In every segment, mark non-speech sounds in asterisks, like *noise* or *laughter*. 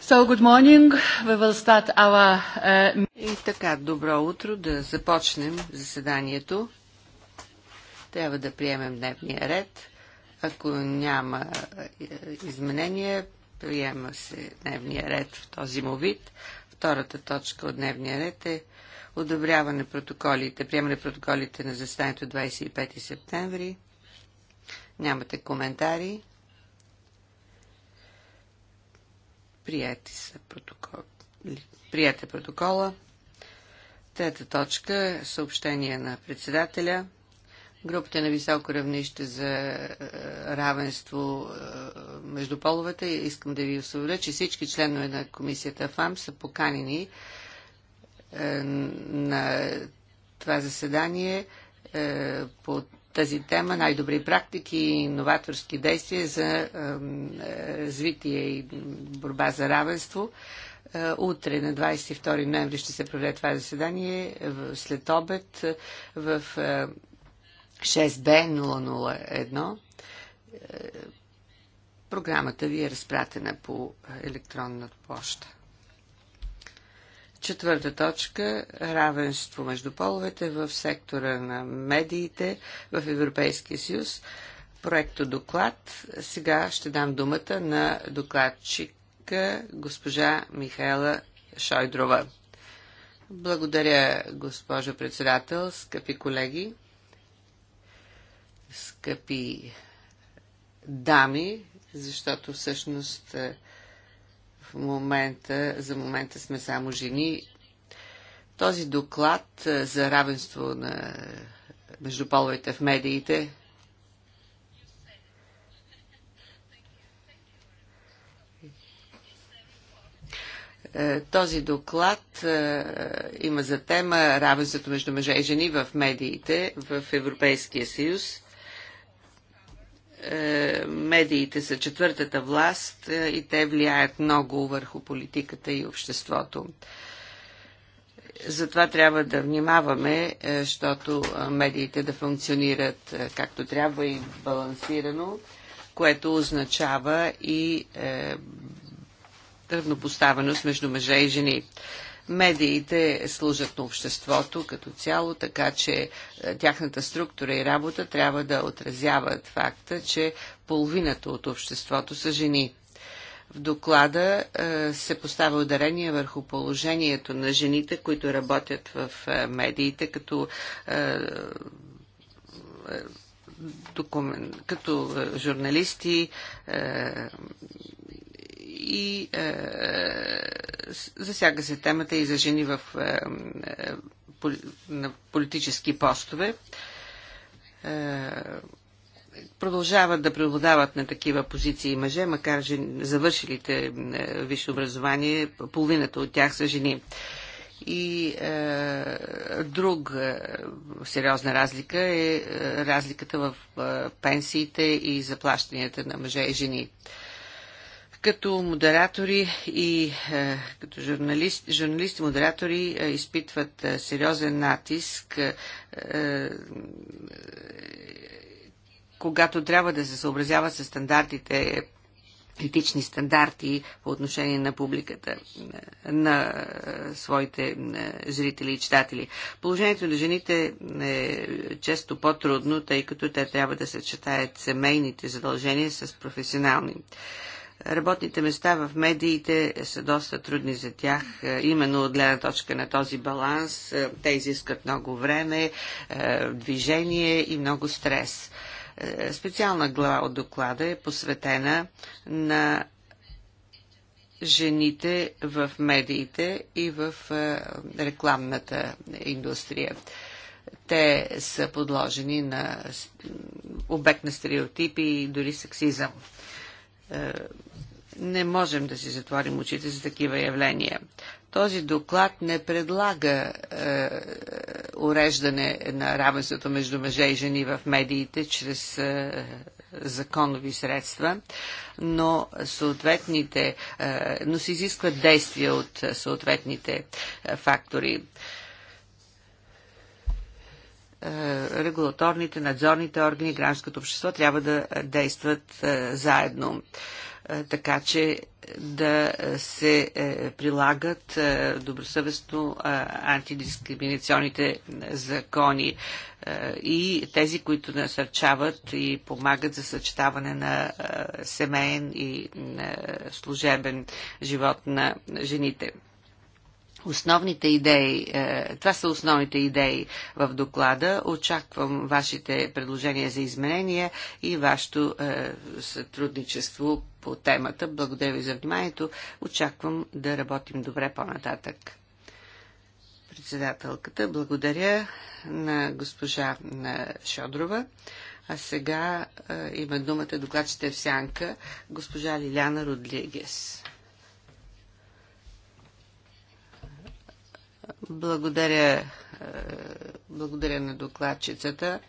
So, good morning. We will start our... Uh... И така, добро утро, да започнем заседанието. Трябва да приемем дневния ред. Ако няма е, изменения, приема се дневния ред в този му вид. Втората точка от дневния ред е одобряване протоколите, приемане протоколите на заседанието 25 септември. Нямате коментари. Прияти са протокол. Прията е протокола. Трета точка е – съобщение на председателя. Групата на високо равнище за е, равенство между половете. Искам да ви осъведя, че всички членове на комисията ФАМ са поканени на това заседание под тази тема, най-добри практики и новаторски действия за развитие и борба за равенство. Утре на 22 ноември ще се проведе това заседание след обед в 6B001. Програмата ви е разпратена по електронна почта. Четвърта точка – равенство между половете в сектора на медиите в Европейския съюз. Проекто доклад. Сега ще дам думата на докладчика госпожа Михайла Шойдрова. Благодаря, госпожо председател, скъпи колеги, скъпи дами, защото всъщност момента, за момента сме само жени. Този доклад е, за равенство на между в медиите е, Този доклад е, има за тема равенството между мъже и жени в медиите в Европейския съюз. Е, медиите са четвъртата власт е, и те влияят много върху политиката и обществото. Затова трябва да внимаваме, защото е, медиите да функционират както трябва и балансирано, което означава и равнопоставеност между мъже и жени. Медиите служат на обществото като цяло, така че е, тяхната структура и работа трябва да отразяват факта, че половината от обществото са жени. В доклада е, се поставя ударение върху положението на жените, които работят в е, медиите, като, като журналисти, и е, засяга се темата и за жени в, е, е, поли, на политически постове. Е, продължават да преобладават на такива позиции мъже, макар че завършилите е, висше образование, половината от тях са жени. И е, друг е, сериозна разлика е, е разликата в е, пенсиите и заплащанията на мъже и жени. Е, като модератори и е, като журналист, журналисти, модератори е, изпитват е, сериозен натиск, е, е, когато трябва да се съобразява с стандартите, етични стандарти по отношение на публиката, е, на своите зрители и читатели. Положението на жените е често по-трудно, тъй като те трябва да съчетаят семейните задължения с професионални. Работните места в медиите са доста трудни за тях, е, именно от гледна точка на този баланс. Е, те изискат много време, е, движение и много стрес. Специална глава от доклада е посветена на жените в медиите и в рекламната индустрия. Те са подложени на обект на стереотипи и дори сексизъм не можем да си затворим очите за такива явления. Този доклад не предлага е, уреждане на равенството между мъже и жени в медиите чрез е, законови средства, но съответните, е, но се изискват действия от съответните е, фактори е, регулаторните, надзорните органи, гражданското общество трябва да действат е, заедно. Е, така че е, да е, се прилагат добросъвестно антидискриминационните закони и тези, които насърчават и помагат за съчетаване на семейен и служебен живот на жените. Основните идеи, е, това са основните идеи в доклада. Очаквам вашите предложения за изменения и вашето е, сътрудничество по темата. Благодаря ви за вниманието. Очаквам да работим добре по-нататък. Председателката, благодаря на госпожа Шодрова. А сега е, има думата докладчите в сянка госпожа Лиляна Родлигес. Благодаря, е, благодаря на докладчицата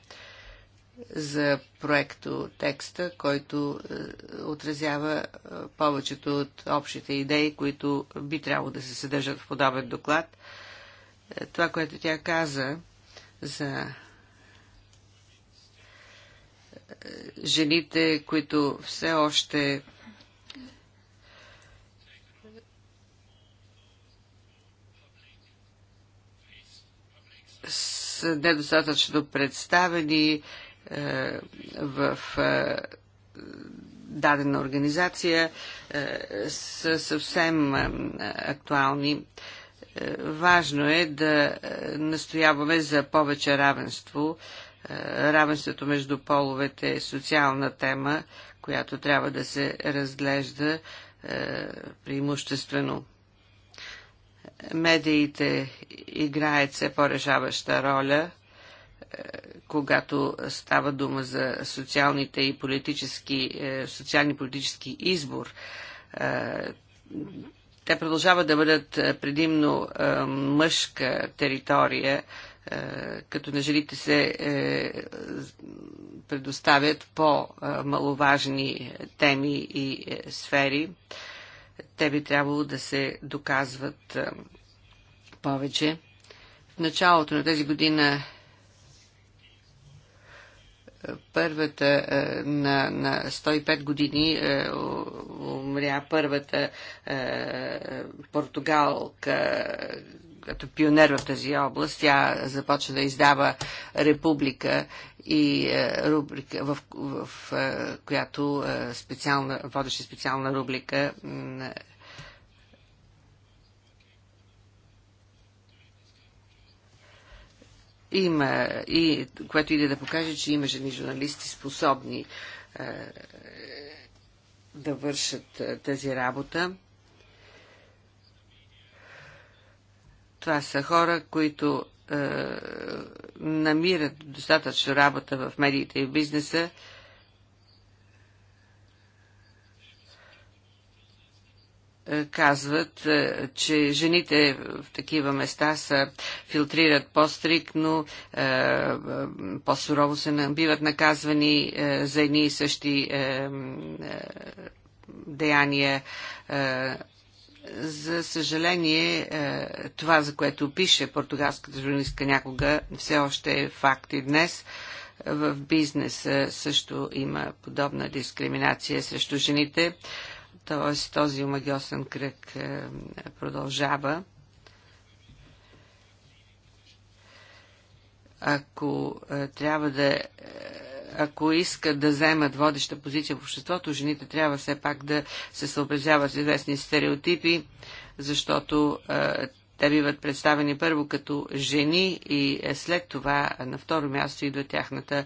за проекто текста, който е, отразява е, повечето от общите идеи, които би трябвало да се съдържат в подобен доклад. Това, което тя каза за жените, които все още недостатъчно представени е, в е, дадена организация е, са съвсем актуални. Важно е да настояваме за повече равенство. Равенството между половете е социална тема, която трябва да се разглежда преимуществено медиите играят все по-решаваща роля, е, когато става дума за социалните и политически, е, социални политически избор. Е, те продължават да бъдат предимно мъжка територия, като на жените се предоставят по-маловажни теми и сфери те би трябвало да се доказват повече. В началото на тази година първата на, на 105 години умря първата португалка като пионер в тази област. Тя започва да издава Република и е, рубрика, в, в, в е, която е, специална, водеше специална рубрика има и което иде да покаже, че има жени журналисти способни е, да вършат е, тази работа. Това са хора, които е, намират достатъчно работа в медиите и в бизнеса. Е, казват, е, че жените в такива места са филтрират по-стрикно, е, по-сурово се биват наказвани за едни и същи деяния за съжаление, е, това, за което пише португалската журналистка някога, все още е факт и днес. В бизнеса също има подобна дискриминация срещу жените, т.е. този омагиосен кръг е, продължава. Ако е, трябва да ако искат да вземат водеща позиция в обществото, жените трябва все пак да се съобразяват с известни стереотипи, защото е, те биват представени първо като жени и е, след това на второ място идва тяхната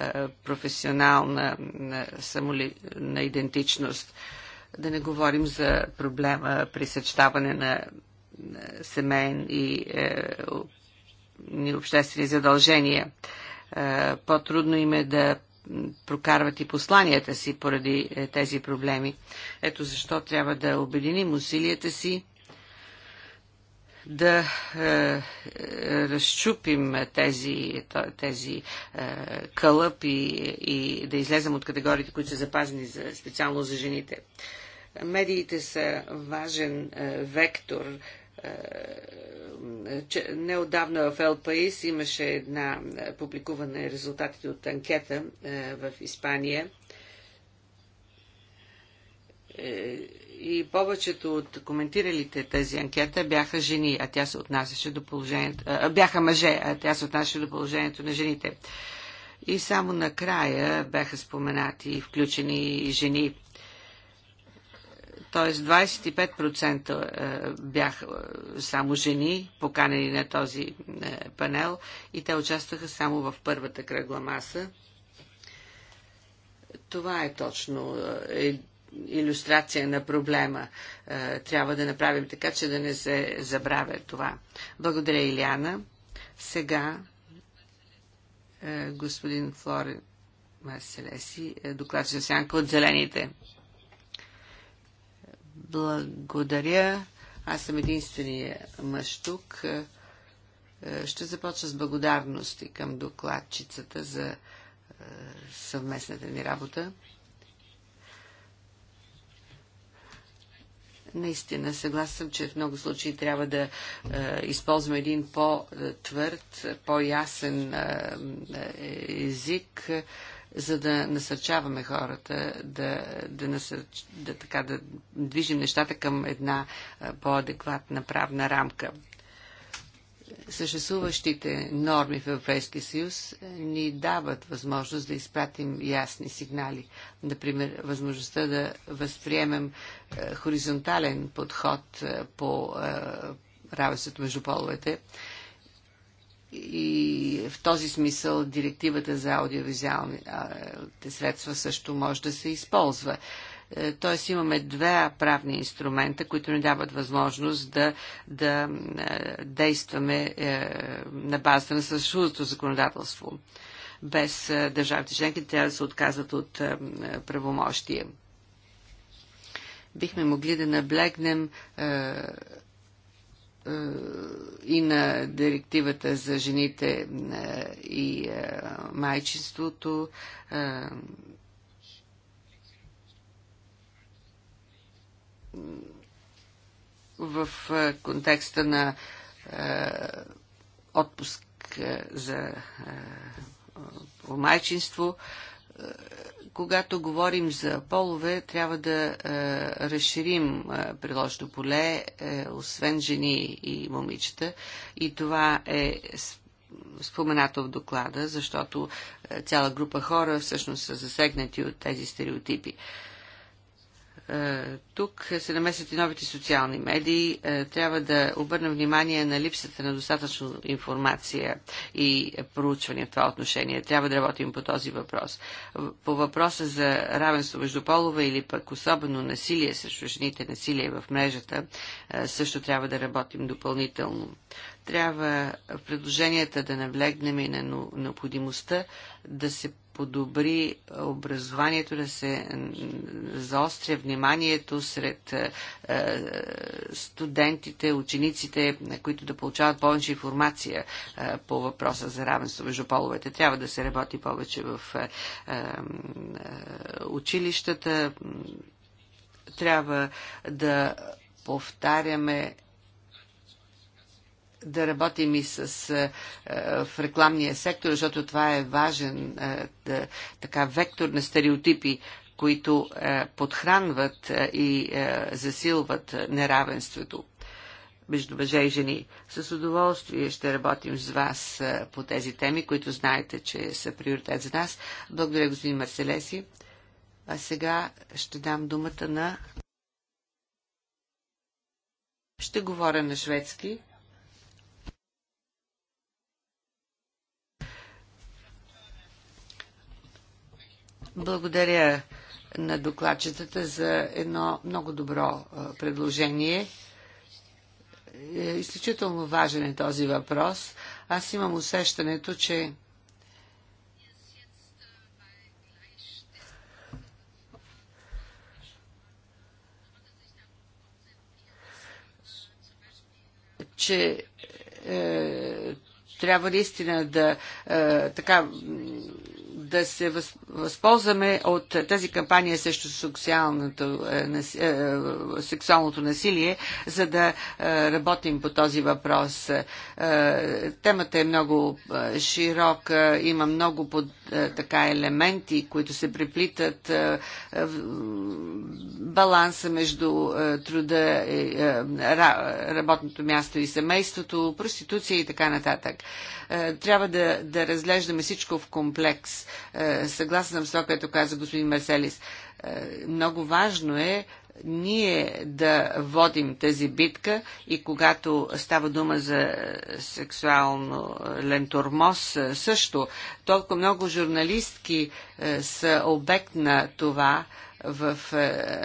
е, професионална самоли... на идентичност. Да не говорим за проблема при съчетаване на семейни и, и обществени задължения. Е, по-трудно им е да прокарват и посланията си поради е, тези проблеми. Ето защо трябва да обединим усилията си да е, разчупим тези, тези е, кълъп и, и да излезем от категориите, които са запазени за, специално за жените. Медиите са важен е, вектор е, неодавна в Ел Паис имаше една е, публикуване резултатите от анкета е, в Испания. И повечето от коментиралите тази анкета бяха жени, а тя се отнасяше до положението... Бяха мъже, а тя се отнасяше до положението на жените. И само накрая бяха споменати и включени жени т.е. 25% бях е, само жени, поканени на този е, панел и те участваха само в първата кръгла маса. Това е точно е, иллюстрация на проблема. Трябва да направим така, че да не се забравя това. Благодаря, Иляна. Сега господин Флорен Марселеси, докладчик Сянка от Зелените. Благодаря. Аз съм единствения мъж тук. Е, ще започна с благодарности към докладчицата за е, съвместната ни работа. Наистина, съгласен съм, че в много случаи трябва да е, използваме един по-твърд, е, по-ясен е, език. Е, за да насърчаваме хората да, да, насърч, да, така, да движим нещата към една по-адекватна правна рамка. Съществуващите норми в Европейския съюз е, ни дават възможност да изпратим ясни сигнали. Например, възможността да възприемем е, хоризонтален подход е, по работата между половете и в този смисъл директивата за аудиовизуалните средства също може да се използва. Е, тоест, имаме две правни инструмента, които ни дават възможност да, да е, действаме е, на базата на съществуващото законодателство. Без държавите членки трябва да се отказват от правомощия. Бихме могли да наблегнем и на директивата за жените е, и е, майчинството. Е, в контекста на отпуск за майчинство когато говорим за полове, трябва да е, разширим е, приложното поле, е, освен жени и момичета. И това е споменато в доклада, защото е, цяла група хора всъщност са засегнати от тези стереотипи. Е, е, тук се намесват и новите социални медии. Е, трябва да обърнем внимание на липсата на достатъчно информация и проучване в това отношение. Трябва да работим по този въпрос. По въпроса за равенство между полове или пък особено насилие срещу жените, насилие в мрежата, е, също трябва да работим допълнително. Трябва в предложенията да навлегнем и на необходимостта да се подобри образованието, да се заостря вниманието сред е, е, студентите, учениците, които да получават повече информация е, по въпроса за равенство между половете. Трябва да се работи повече в училищата. Трябва да повтаряме да работим и с, а, е, е, в рекламния сектор, защото това е важен а, е, да, така вектор на стереотипи, които а, подхранват и засилват неравенството между мъже и жени. С удоволствие ще работим с вас по тези теми, които знаете, че са приоритет за нас. Благодаря, господин Марселеси. А сега ще дам думата на... Ще говоря на шведски. Благодаря на докладчетата за едно много добро предложение. Е, изключително важен е този въпрос. Аз имам усещането, че че е, трябва наистина да е, така да се възползваме от тази кампания срещу сексуалното, е, е, е, сексуалното насилие, за да работим по този въпрос. Темата е много широка, има много под, така елементи, които се приплитат, Баланса между труда, работното място и семейството, проституция и така нататък. Трябва да, да разглеждаме всичко в комплекс. Е, съгласна съм с това, което каза господин Марселис. Е, много важно е ние да водим тази битка и когато става дума за сексуално лентормоз е, също, толкова много журналистки са обект на това в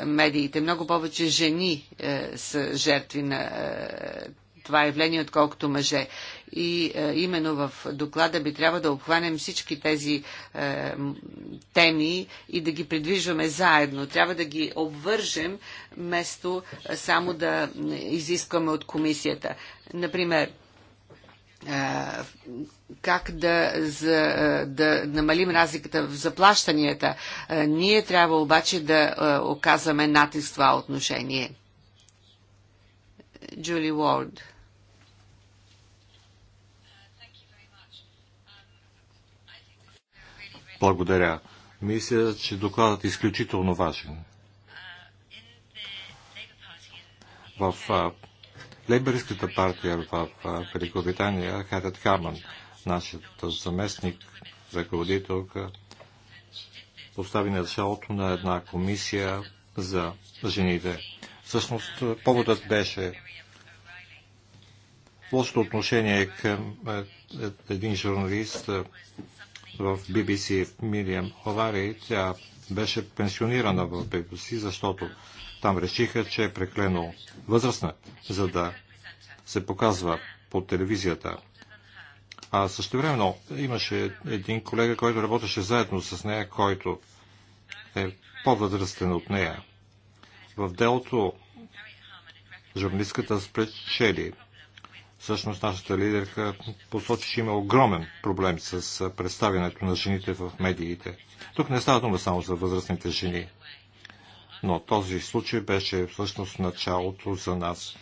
медиите. Много повече жени са жертви на това явление, отколкото мъже. И е, именно в доклада би трябва да обхванем всички тези е, теми и да ги придвижваме заедно. Трябва да ги обвържем, вместо е, само да изискваме от комисията. Например, е, как да, за, е, да намалим разликата в заплащанията. Ние трябва обаче да оказваме натиск в това отношение. Джули Уорд. Благодаря. Мисля, че докладът е изключително важен. В Лейбърската партия в Великобритания, Харет Хаман, нашият заместник ръководителка, постави началото на една комисия за жените. Всъщност, поводът беше лошото отношение към е, един журналист, в BBC Мириам Ховари. Тя беше пенсионирана в BBC, защото там решиха, че е преклено възрастна, за да се показва по телевизията. А също времено имаше един колега, който работеше заедно с нея, който е по-възрастен от нея. В делото журналистката спечели Всъщност нашата лидерка посочи, че има огромен проблем с представянето на жените в медиите. Тук не става дума само за възрастните жени. Но този случай беше всъщност началото за нас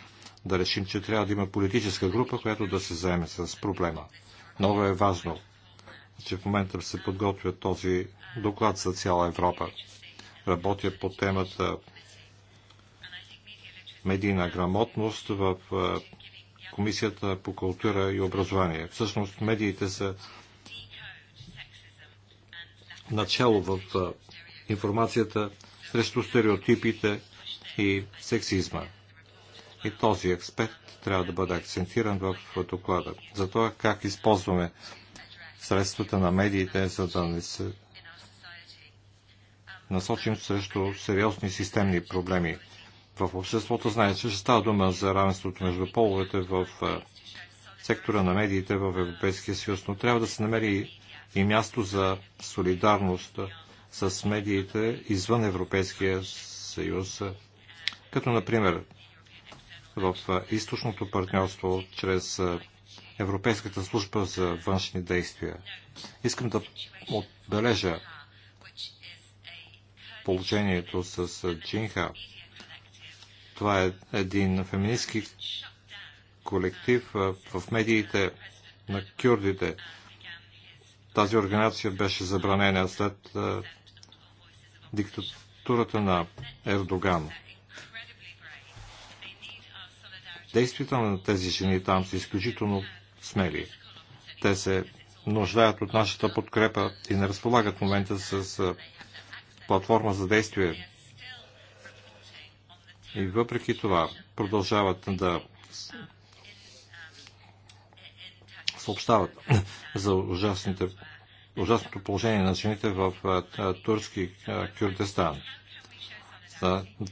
да решим, че трябва да има политическа група, която да се заеме с проблема. Много е важно, че в момента се подготвя този доклад за цяла Европа. Работя по темата медийна грамотност в Комисията по култура и образование. Всъщност медиите са начало в информацията срещу стереотипите и сексизма. И този експерт трябва да бъде акцентиран в доклада. За това как използваме средствата на медиите, за да не се насочим срещу сериозни системни проблеми в обществото Знаете, че става дума за равенството между половете в е, сектора на медиите в Европейския съюз, но трябва да се намери и място за солидарност с медиите извън Европейския съюз, като например в е, източното партньорство чрез е, Европейската служба за външни действия. Искам да отбележа положението с Джинха, това е един феминистски колектив в медиите на кюрдите. Тази организация беше забранена след диктатурата на Ердоган. Действията на тези жени там са изключително смели. Те се нуждаят от нашата подкрепа и не разполагат в момента с платформа за действие. И въпреки това продължават да съобщават за ужасните, ужасното положение на жените в турски Кюрдестан.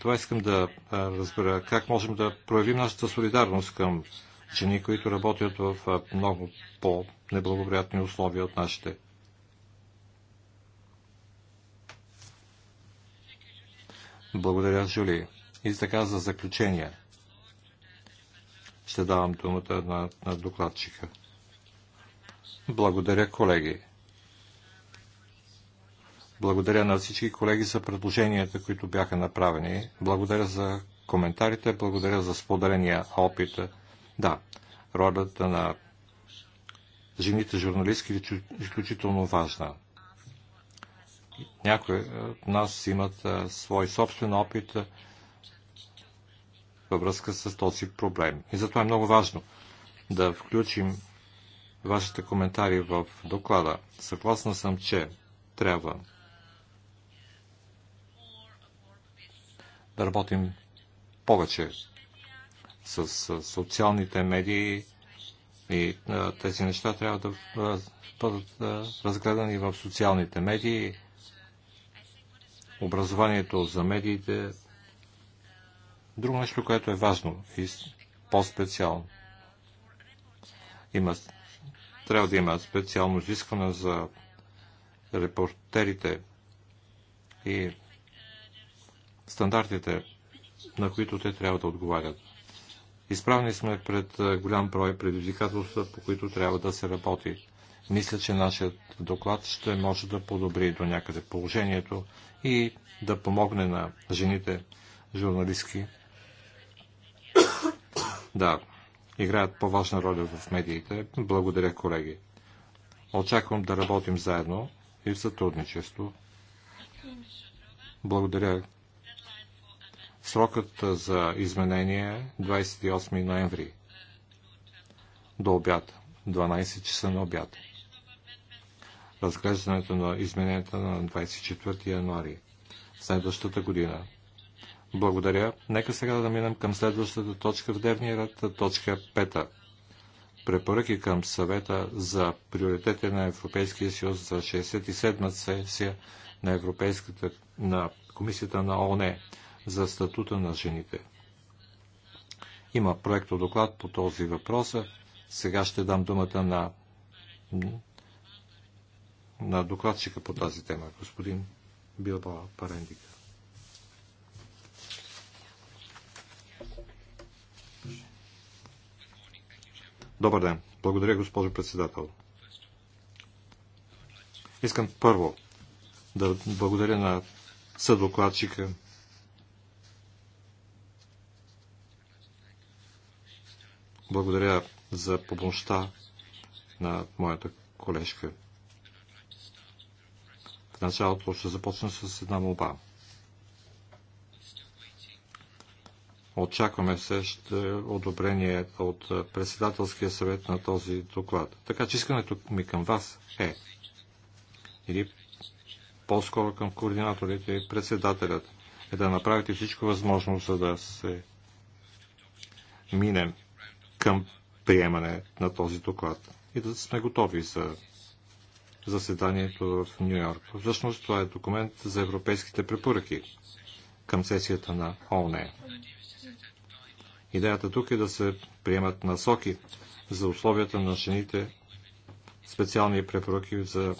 Това искам да разбера как можем да проявим нашата солидарност към жени, които работят в много по-неблагоприятни условия от нашите. Благодаря, Жулия. И така за заключение ще давам думата на, на докладчика. Благодаря, колеги. Благодаря на всички колеги за предложенията, които бяха направени. Благодаря за коментарите, благодаря за споделения опит. Да, ролята на жените журналистки е изключително важна. Някои от нас имат свой собствен опит, във връзка с този проблем. И затова е много важно да включим вашите коментари в доклада. Съгласна съм, че трябва да работим повече с социалните медии и тези неща трябва да бъдат разгледани в социалните медии. Образованието за медиите Друго нещо, което е важно и по-специално. Има, трябва да има специално изискване за репортерите и стандартите, на които те трябва да отговарят. Изправени сме пред е, голям брой предизвикателства, по които трябва да се работи. Мисля, че нашият доклад ще може да подобри до някъде положението и да помогне на жените журналистки да играят по-важна роля в медиите. Благодаря, колеги. Очаквам да работим заедно и в сътрудничество. Благодаря. Срокът за изменение 28 е ноември до обяд, 12 часа на обяд. Разглеждането на измененията на 24 януари следващата година. Благодаря. Нека сега да минем към следващата точка в дневния ред, точка 5. Препоръки към съвета за приоритети на Европейския съюз за 67-та сесия на Европейската на Комисията на ОНЕ за статута на жените. Има проекто доклад по този въпрос. Сега ще дам думата на, на докладчика по тази тема, господин Билбала Парендика. Добър ден. Благодаря, госпожо председател. Искам първо да благодаря на съдокладчика. Благодаря за помощта на моята колежка. В началото ще започна с една молба. Очакваме също одобрение от председателския съвет на този доклад. Така че искането ми към вас е или по-скоро към координаторите и председателят е да направите всичко възможно, за да се минем към приемане на този доклад и да сме готови за заседанието в Нью Йорк. Всъщност това е документ за европейските препоръки към сесията на ОНЕ. Идеята тук е да се приемат насоки за условията на жените, специални препоръки за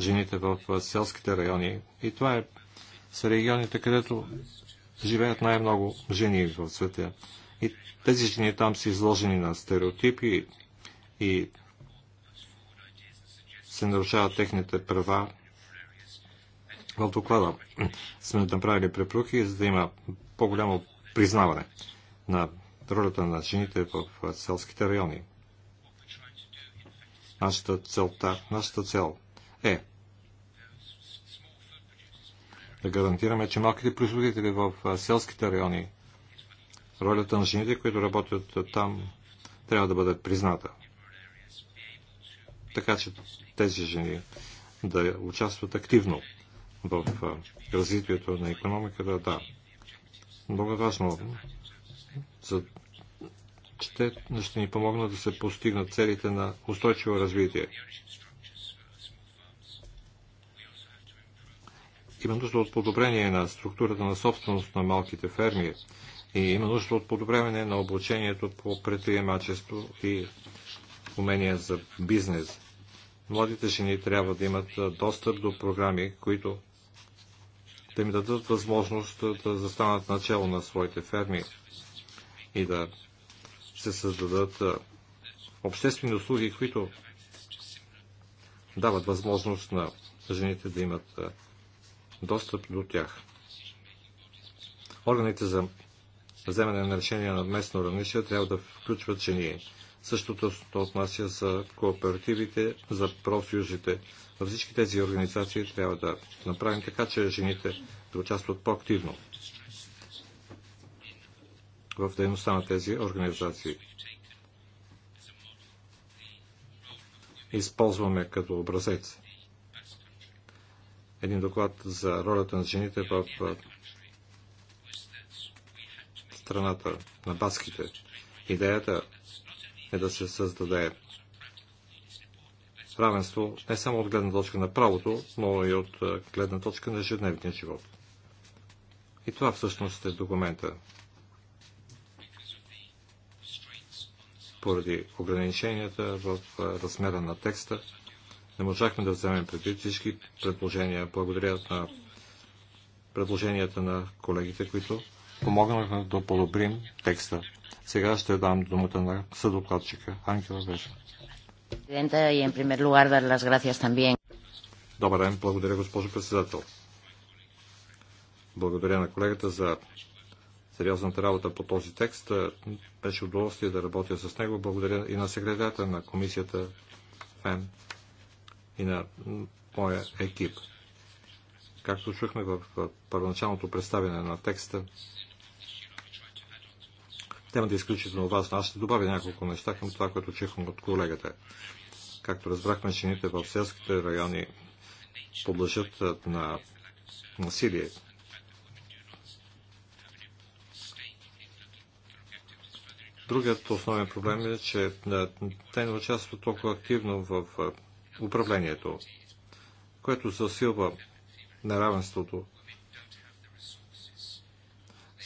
жените в селските райони. И това е са регионите, където живеят най-много жени в света. И тези жени там са изложени на стереотипи и се нарушават техните права. В доклада сме направили препоръки, за да има по-голямо признаване на ролята на жените в селските райони. Нашата, целта, нашата цел е да гарантираме, че малките производители в селските райони, ролята на жените, които работят там, трябва да бъде призната. Така че тези жени да участват активно в развитието на економиката, да. Много е важно за че те ще ни помогнат да се постигнат целите на устойчиво развитие. Има нужда от подобрение на структурата на собственост на малките ферми и има нужда от подобряване на обучението по предприемачество и умения за бизнес. Младите жени трябва да имат достъп до програми, които да им дадат възможност да застанат начало на своите ферми и да се създадат обществени услуги, които дават възможност на жените да имат достъп до тях. Органите за вземане на решения на местно равнище трябва да включват жени. Същото се отнася за кооперативите, за профсъюзите. Във всички тези организации трябва да направим така, че жените да участват по-активно в дейността на тези организации. Използваме като образец един доклад за ролята на жените в страната на баските. Идеята е да се създаде равенство не само от гледна точка на правото, но и от гледна точка на ежедневния живот. И това всъщност е документа, Поради ограниченията в размера на текста, не можахме да вземем предвид всички предложения. Благодаря на предложенията на колегите, които помогнаха да подобрим текста. Сега ще дам думата на съдокладчика Ангела Вежа. Добър ден, благодаря госпожо председател. Благодаря на колегата за сериозната работа по този текст. Е, Беше удоволствие да работя с него. Благодаря и на секретарята на комисията мен и на моя екип. Както чухме в първоначалното представяне на текста, темата е изключително важна. Аз ще добавя няколко неща към това, което чухме от колегата. Както разбрахме, жените в селските райони подлъжат е, на насилие Другият основен проблем е, че те не участват толкова активно в управлението, което засилва неравенството.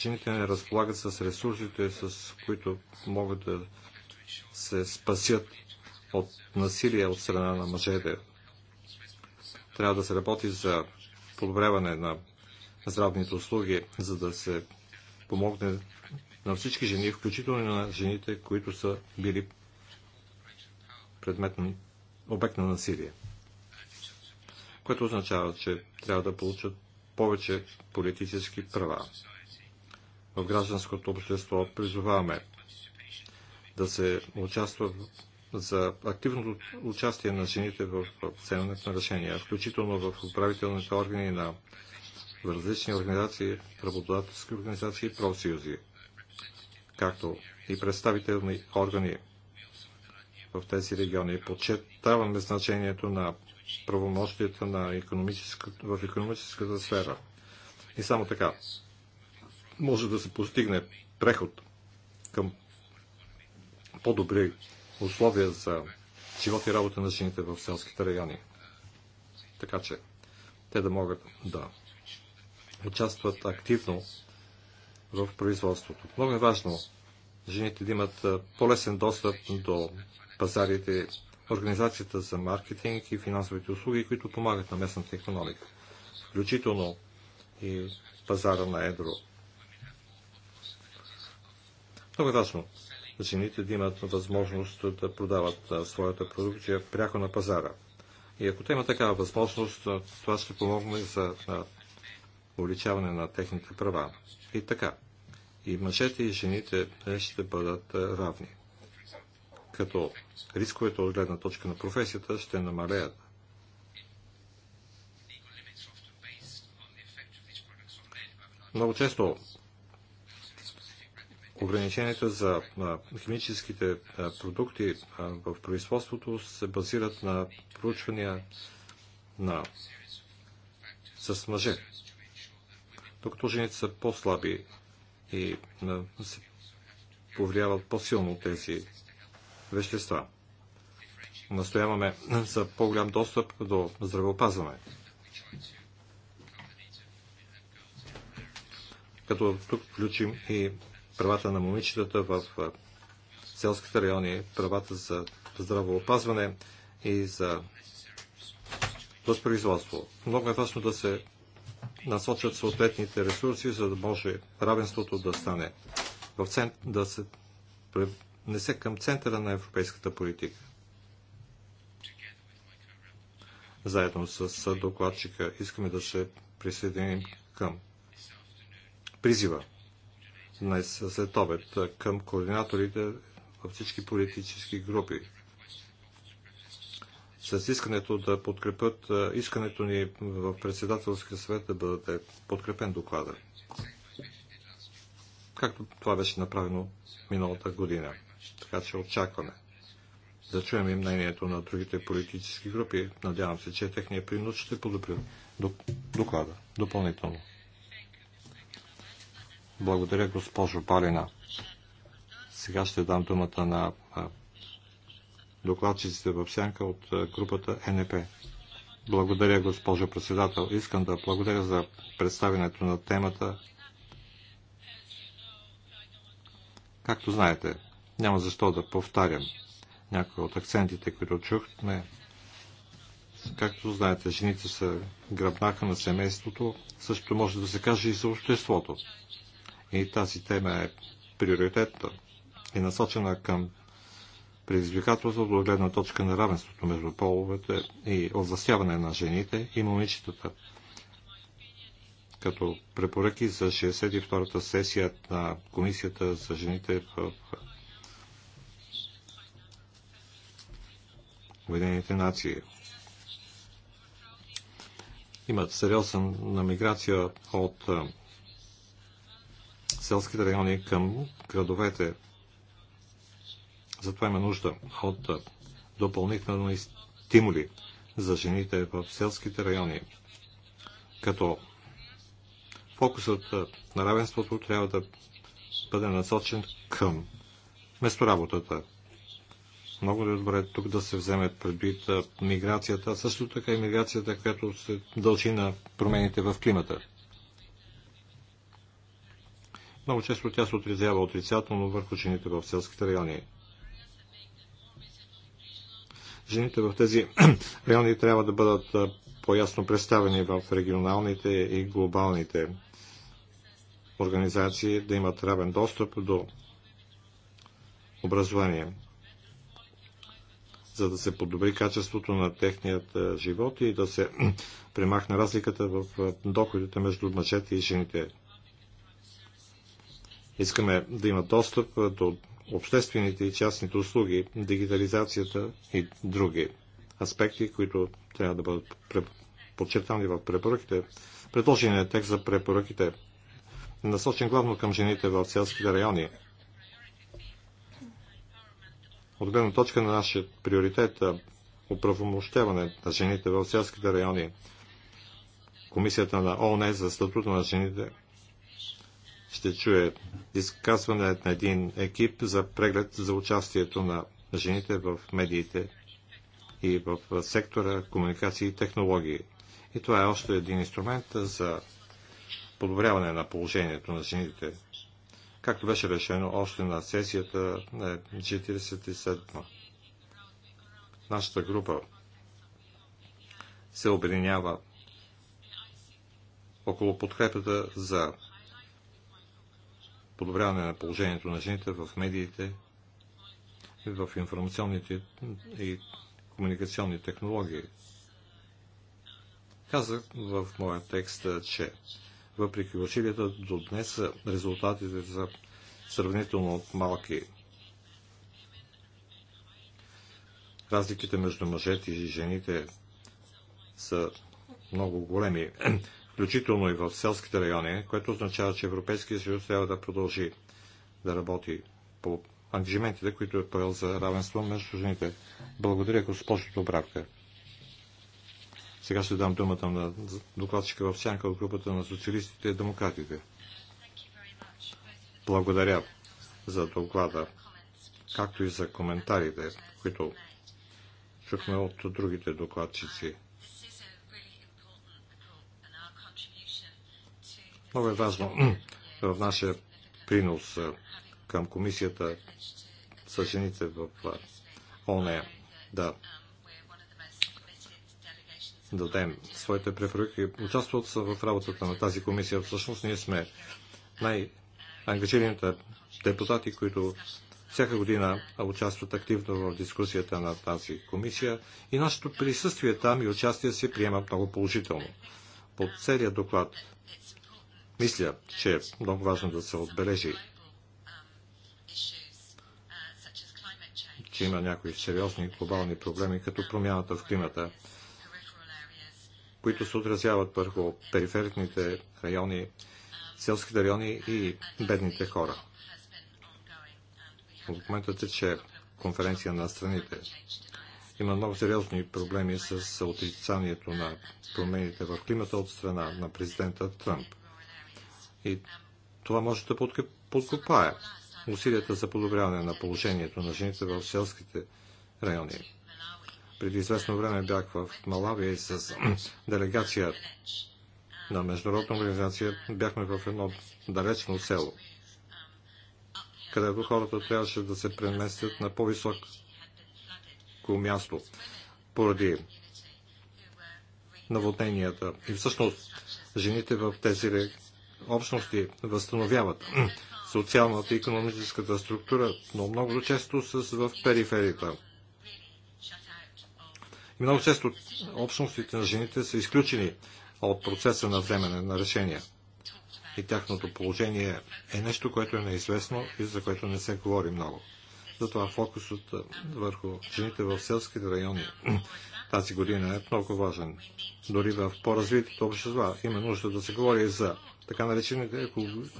Жените не разполагат с ресурсите, с които могат да се спасят от насилие от страна на мъжете. Трябва да се работи за подобряване на здравните услуги, за да се помогне на всички жени, включително на жените, които са били предмет на обект на насилие. Което означава, че трябва да получат повече политически права. В гражданското общество призоваваме да се участва за активното участие на жените в вземането на решения, включително в управителните органи на различни организации, работодателски организации и профсъюзи както и представителни органи в тези региони. Подчертаваме значението на правомощията на в економическата сфера. И само така може да се постигне преход към по-добри условия за живот и работа на жените в селските райони. Така че те да могат да участват активно в производството. Много е важно жените да имат по-лесен достъп до пазарите, организацията за маркетинг и финансовите услуги, които помагат на местната економика, включително и пазара на едро. Много е важно жените да имат възможност да продават своята продукция пряко на пазара. И ако те имат такава възможност, това ще помогне за увеличаване на техните права. И така, и мъжете и жените е, ще бъдат е, равни. Като рисковете от гледна точка на професията ще намалеят. Много често ограниченията за химическите продукти в производството се базират на проучвания на с мъже докато жените са по-слаби и се повлияват по-силно от тези вещества. Настояваме *clears throat* за по-голям достъп до здравеопазване. Като тук включим и правата на момичетата в селските райони, правата за здравеопазване и за възпроизводство. Много е важно да се насочат съответните ресурси, за да може равенството да стане в цент... да се пренесе към центъра на европейската политика. Заедно с докладчика искаме да се присъединим към призива днес след обед към координаторите във всички политически групи с искането да подкрепят искането ни в председателския съвет да бъде подкрепен доклада. Както това беше направено миналата година. Така че очакваме да чуем и мнението на другите политически групи. Надявам се, че техния принос ще подобри доклада допълнително. Благодаря, госпожо Балина. Сега ще дам думата на докладчиците в сянка от е, групата НП. Благодаря, госпожо председател. Искам да благодаря за представянето на темата. Както знаете, няма защо да повтарям някои от акцентите, които чухме. Както знаете, жените са гръбнаха на семейството, също може да се каже и за обществото. И тази тема е приоритетна и насочена към Предизвикателството от гледна точка на равенството между половете и овластяване на жените и момичетата. Като препоръки за 62-та сесия на Комисията за жените в Обединените нации. Имат сериозна миграция от селските райони към градовете затова има нужда от допълнителни стимули за жените в селските райони. Като фокусът на равенството трябва да бъде насочен към местоработата. Много е добре тук да се вземе предвид миграцията, също така и миграцията, която се дължи на промените в климата. Много често тя се отрезява отрицателно върху жените в селските райони. Жените в тези *clears throat* райони трябва да бъдат по-ясно представени в регионалните и глобалните организации, да имат равен достъп до образование, за да се подобри качеството на техният живот и да се *clears throat* премахне разликата в доходите между мъжете и жените. Искаме да имат достъп до обществените и частните услуги, дигитализацията и други аспекти, които трябва да бъдат подчертани в препоръките. Предложеният текст за препоръките е насочен главно към жените в селските райони. От гледна точка на нашия приоритет оправомощаване на жените в селските райони, Комисията на ООН за статута на жените ще чуе изказване на един екип за преглед за участието на жените в медиите и в сектора комуникации и технологии. И това е още един инструмент за подобряване на положението на жените, както беше решено още на сесията на 47 Нашата група се обединява около подкрепата за подобряване на положението на жените в медиите, в информационните и комуникационни технологии. Казах в моя текст, че въпреки усилията до днес резултатите са сравнително малки. Разликите между мъжете и жените са много големи включително и в селските райони, което означава, че Европейския съюз трябва да продължи да работи по ангажиментите, които е поел за равенство между жените. Благодаря, госпожо Добравка. Сега ще дам думата на докладчика в сянка от групата на социалистите и демократите. Благодаря за доклада, както и за коментарите, които чухме от другите докладчици. Много е важно в нашия принос към комисията с жените в ОНЕ да дадем своите препоръки. Участват са в работата на тази комисия. Всъщност ние сме най-ангажираните депутати, които всяка година участват активно в дискусията на тази комисия и нашето присъствие там и участие се приема много положително. По целият доклад мисля, че е много важно да се отбележи, че има някои сериозни глобални проблеми, като промяната в климата, които се отразяват върху периферните райони, селските райони и бедните хора. Документът е, че конференция на страните има много сериозни проблеми с отрицанието на промените в климата от страна на президента Тръмп. И това може да подкопае усилията за подобряване на положението на жените в селските райони. Преди известно време бях в Малавия и с *clears throat* делегация на международна организация. Бяхме в едно далечно село, където хората трябваше да се преместят на по-високо място поради наводненията. И всъщност жените в тези общности възстановяват социалната и економическата структура, но много често са в периферията. И много често общностите на жените са изключени от процеса на вземане на решения. И тяхното положение е нещо, което е неизвестно и за което не се говори много. Затова фокусът върху жените в селските райони тази година е много важен. Дори в по-развитите общества има нужда да се говори за така наречените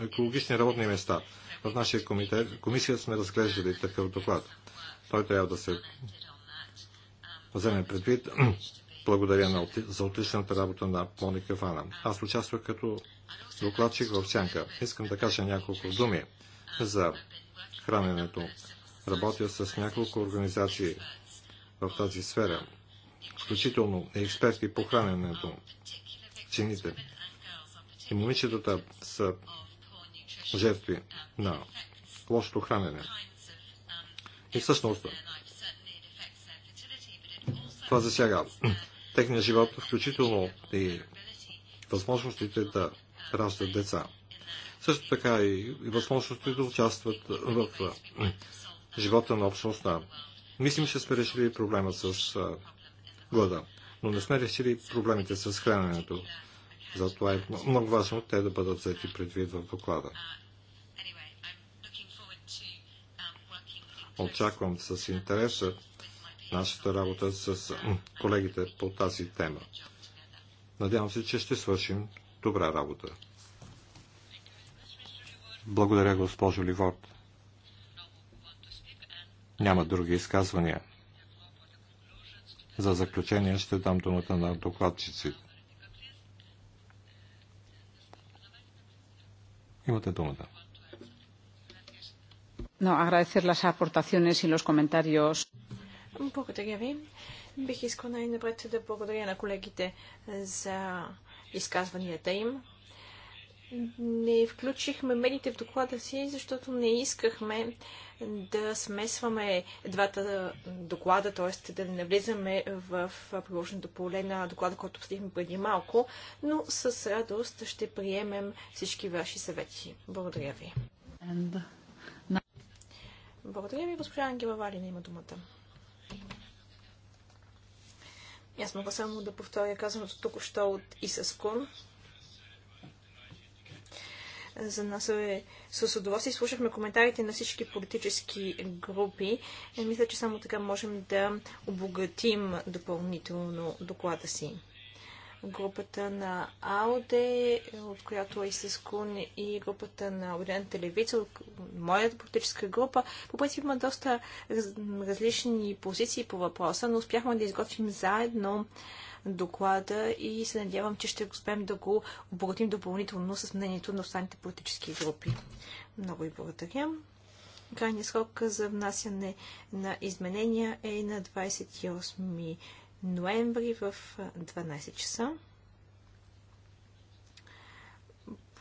екологични работни места. В нашия комитет, комисия сме разглеждали такъв доклад. Той трябва да се вземе предвид. *clears throat* Благодаря на, за отличната работа на Моника Вана. Аз участвах като докладчик в Сянка. Искам да кажа няколко думи за храненето. Работя с няколко организации в тази сфера включително експерти по храненето, цените. И момичетата са жертви на лошото хранене. И всъщност това засяга техния живот, включително и възможностите да раждат деца. Също така и възможностите да участват в живота на общността. Мислим, че сме решили проблема с глада. Но не сме решили проблемите с храненето. Затова е много важно те да бъдат взети предвид в доклада. Очаквам с интереса нашата работа с колегите по тази тема. Надявам се, че ще свършим добра работа. Благодаря, госпожо Ливорд. Няма други изказвания. За заключение ще дам думата на докладчици. Имате думата. No, agradecer las aportaciones y los comentarios. Благодаря ви. Бих искал най-напред да благодаря на колегите за изказванията им. Не включихме медиите в доклада си, защото не искахме да смесваме двата доклада, т.е. да не навлизаме в приложеното поле на доклада, който обсъдихме преди малко, но с радост ще приемем всички ваши съвети. Благодаря ви. And... Благодаря ви, госпожа Ангела Валина има думата. Аз мога само да повторя казаното тук-що от Исаскун. За нас е с удоволствие. Слушахме коментарите на всички политически групи. И е, мисля, че само така можем да обогатим допълнително доклада си. Групата на АОДЕ, от която е с Кун и групата на Обединената телевизия, моята политическа група, по принцип има доста различни позиции по въпроса, но успяхме да изготвим заедно доклада и се надявам, че ще успеем да го обогатим допълнително с мнението на останалите политически групи. Много ви благодаря. Крайният срок за внасяне на изменения е на 28 ноември в 12 часа.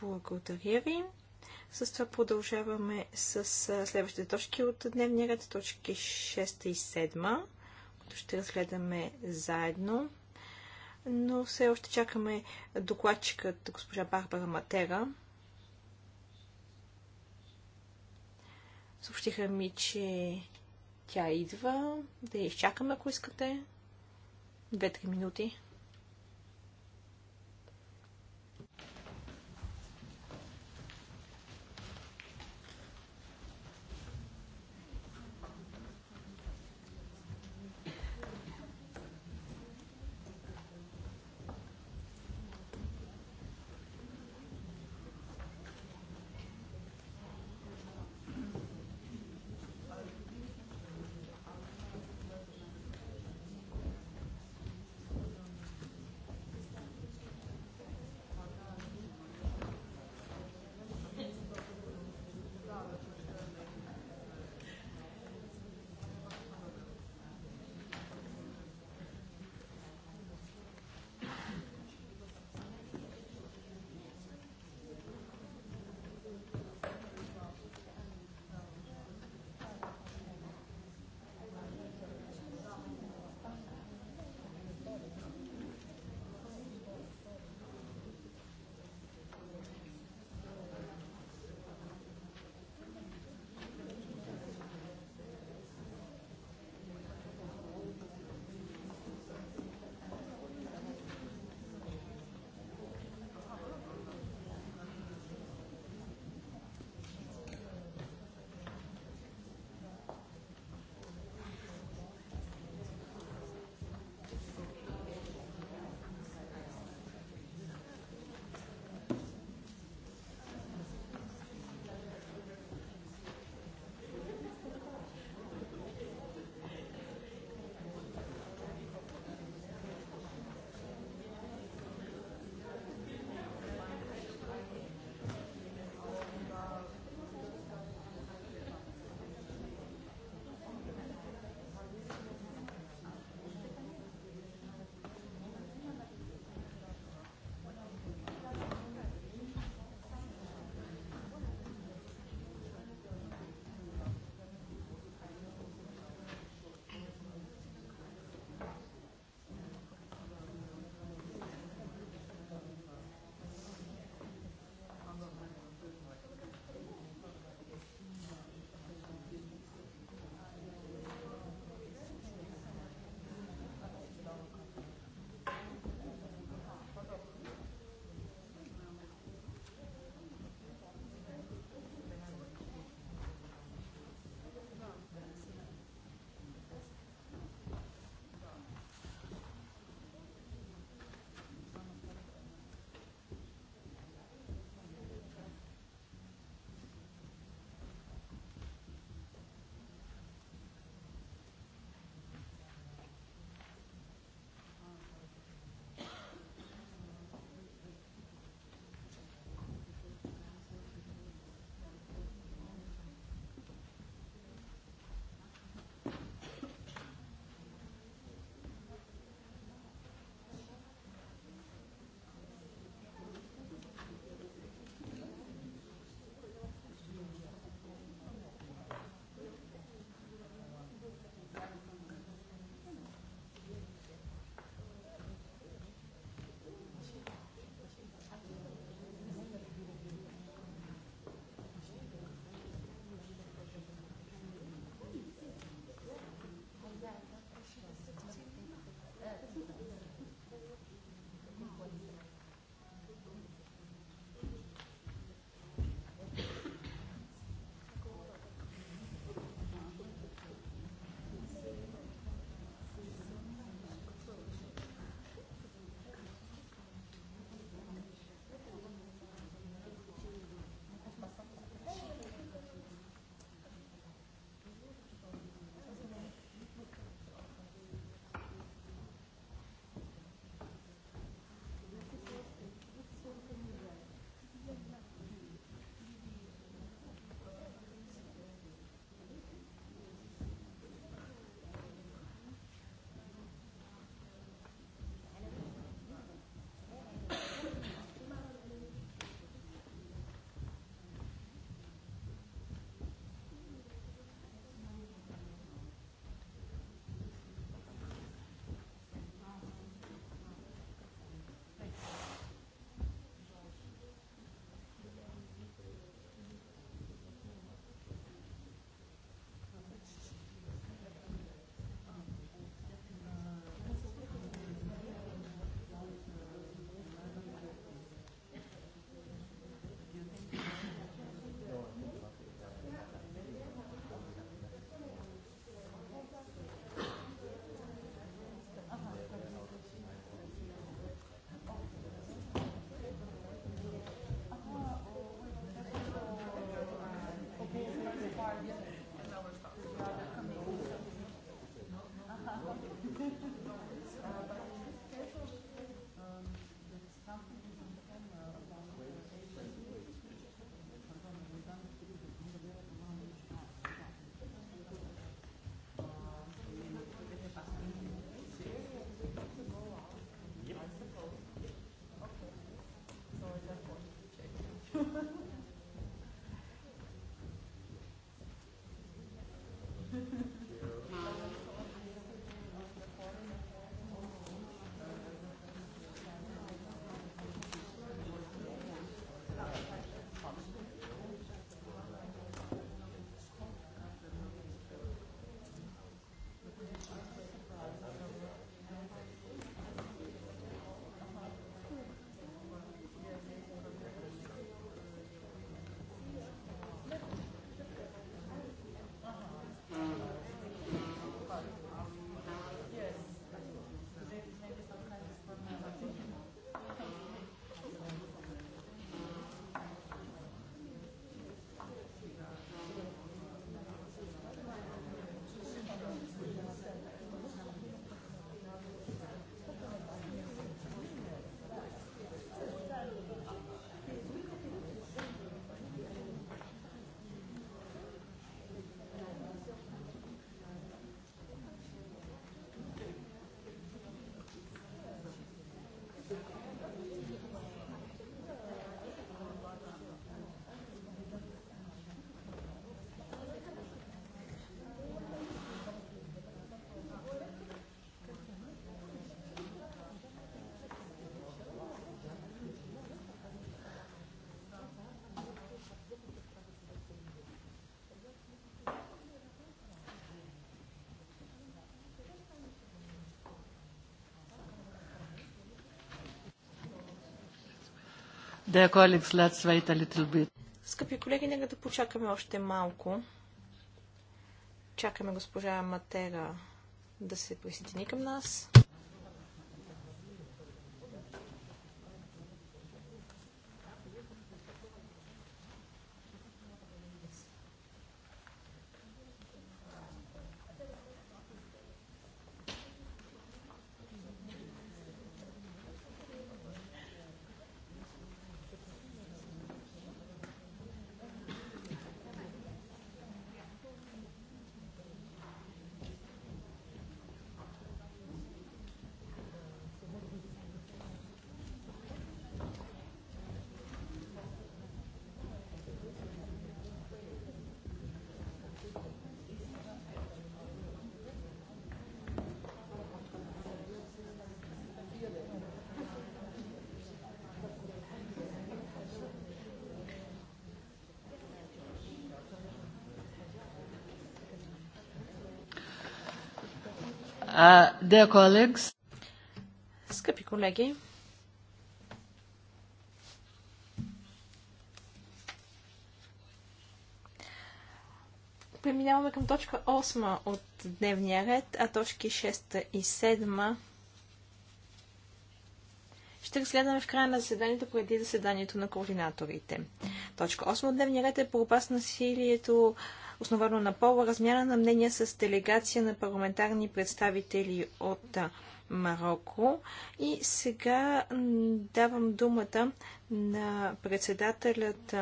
Благодаря ви. С това продължаваме с следващите точки от дневния ред, точки 6 и 7, които ще разгледаме заедно но все още чакаме докладчикът госпожа Барбара Матера. Съобщиха ми, че тя идва. Да я изчакаме, ако искате. Две-три минути. Dear colleagues, let's wait a little bit. Скъпи колеги, нека да почакаме още малко. Чакаме госпожа Матера да се присъедини към нас. Uh, Скъпи колеги, преминаваме към точка 8 от дневния ред, а точки 6 и 7 ще разгледаме в края на заседанието преди заседанието на координаторите. Точка 8 от дневния ред е по с насилието основано на пола, размяна на мнения с делегация на парламентарни представители от Марокко. И сега давам думата на председателят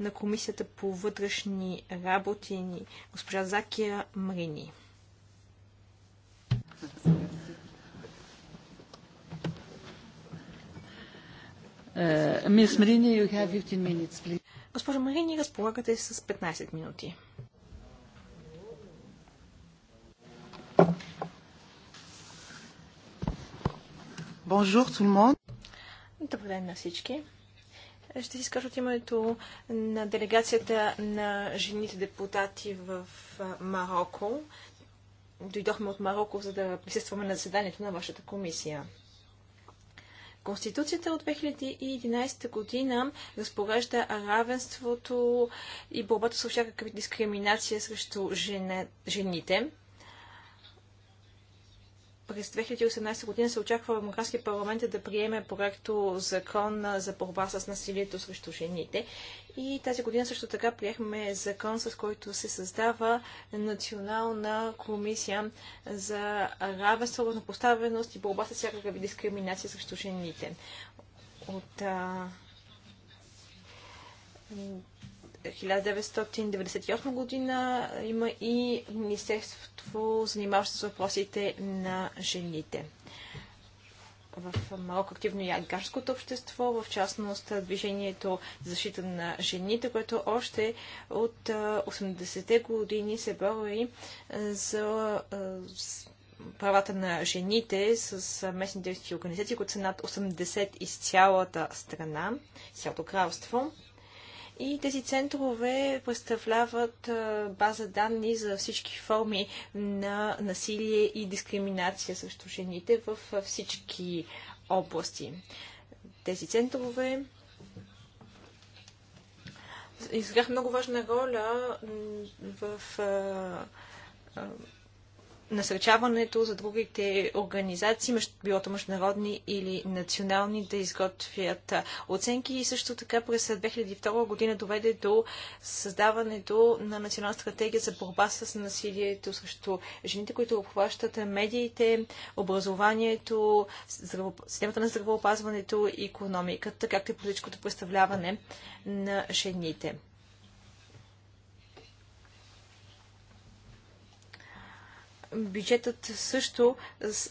на Комисията по вътрешни работи, госпожа Закия Марини. Госпожа е, Марини, you have 15 minutes, Марини, разполагате с 15 минути. Bonjour tout le monde. Добър ден на всички. Ще си скажа от името на делегацията на жените депутати в Марокко. Дойдохме от Марокко, за да присъстваме на заседанието на вашата комисия. Конституцията от 2011 година разпорежда равенството и борбата с всякакви дискриминация срещу жените. През 2018 година се очаква Демократски парламент да приеме проекто закон за борба с насилието срещу жените. И тази година също така приехме закон, с който се създава Национална комисия за равенство, равнопоставеност и борба с всякаква дискриминация срещу жените. От а 1998 година има и Министерството, занимаващо с въпросите на жените. В малко активно и агарското общество, в частност движението за защита на жените, което още от 80-те години се бори за правата на жените с местните организации, които са над 80 из цялата страна, цялото кралство. И тези центрове представляват база данни за всички форми на насилие и дискриминация срещу жените в всички области. Тези центрове изиграх много важна роля в насърчаването за другите организации, било то международни или национални, да изготвят оценки и също така през 2002 година доведе до създаването на национална стратегия за борба с насилието срещу жените, които обхващат медиите, образованието, системата на здравеопазването и економиката, както и политическото представляване на жените. Бюджетът също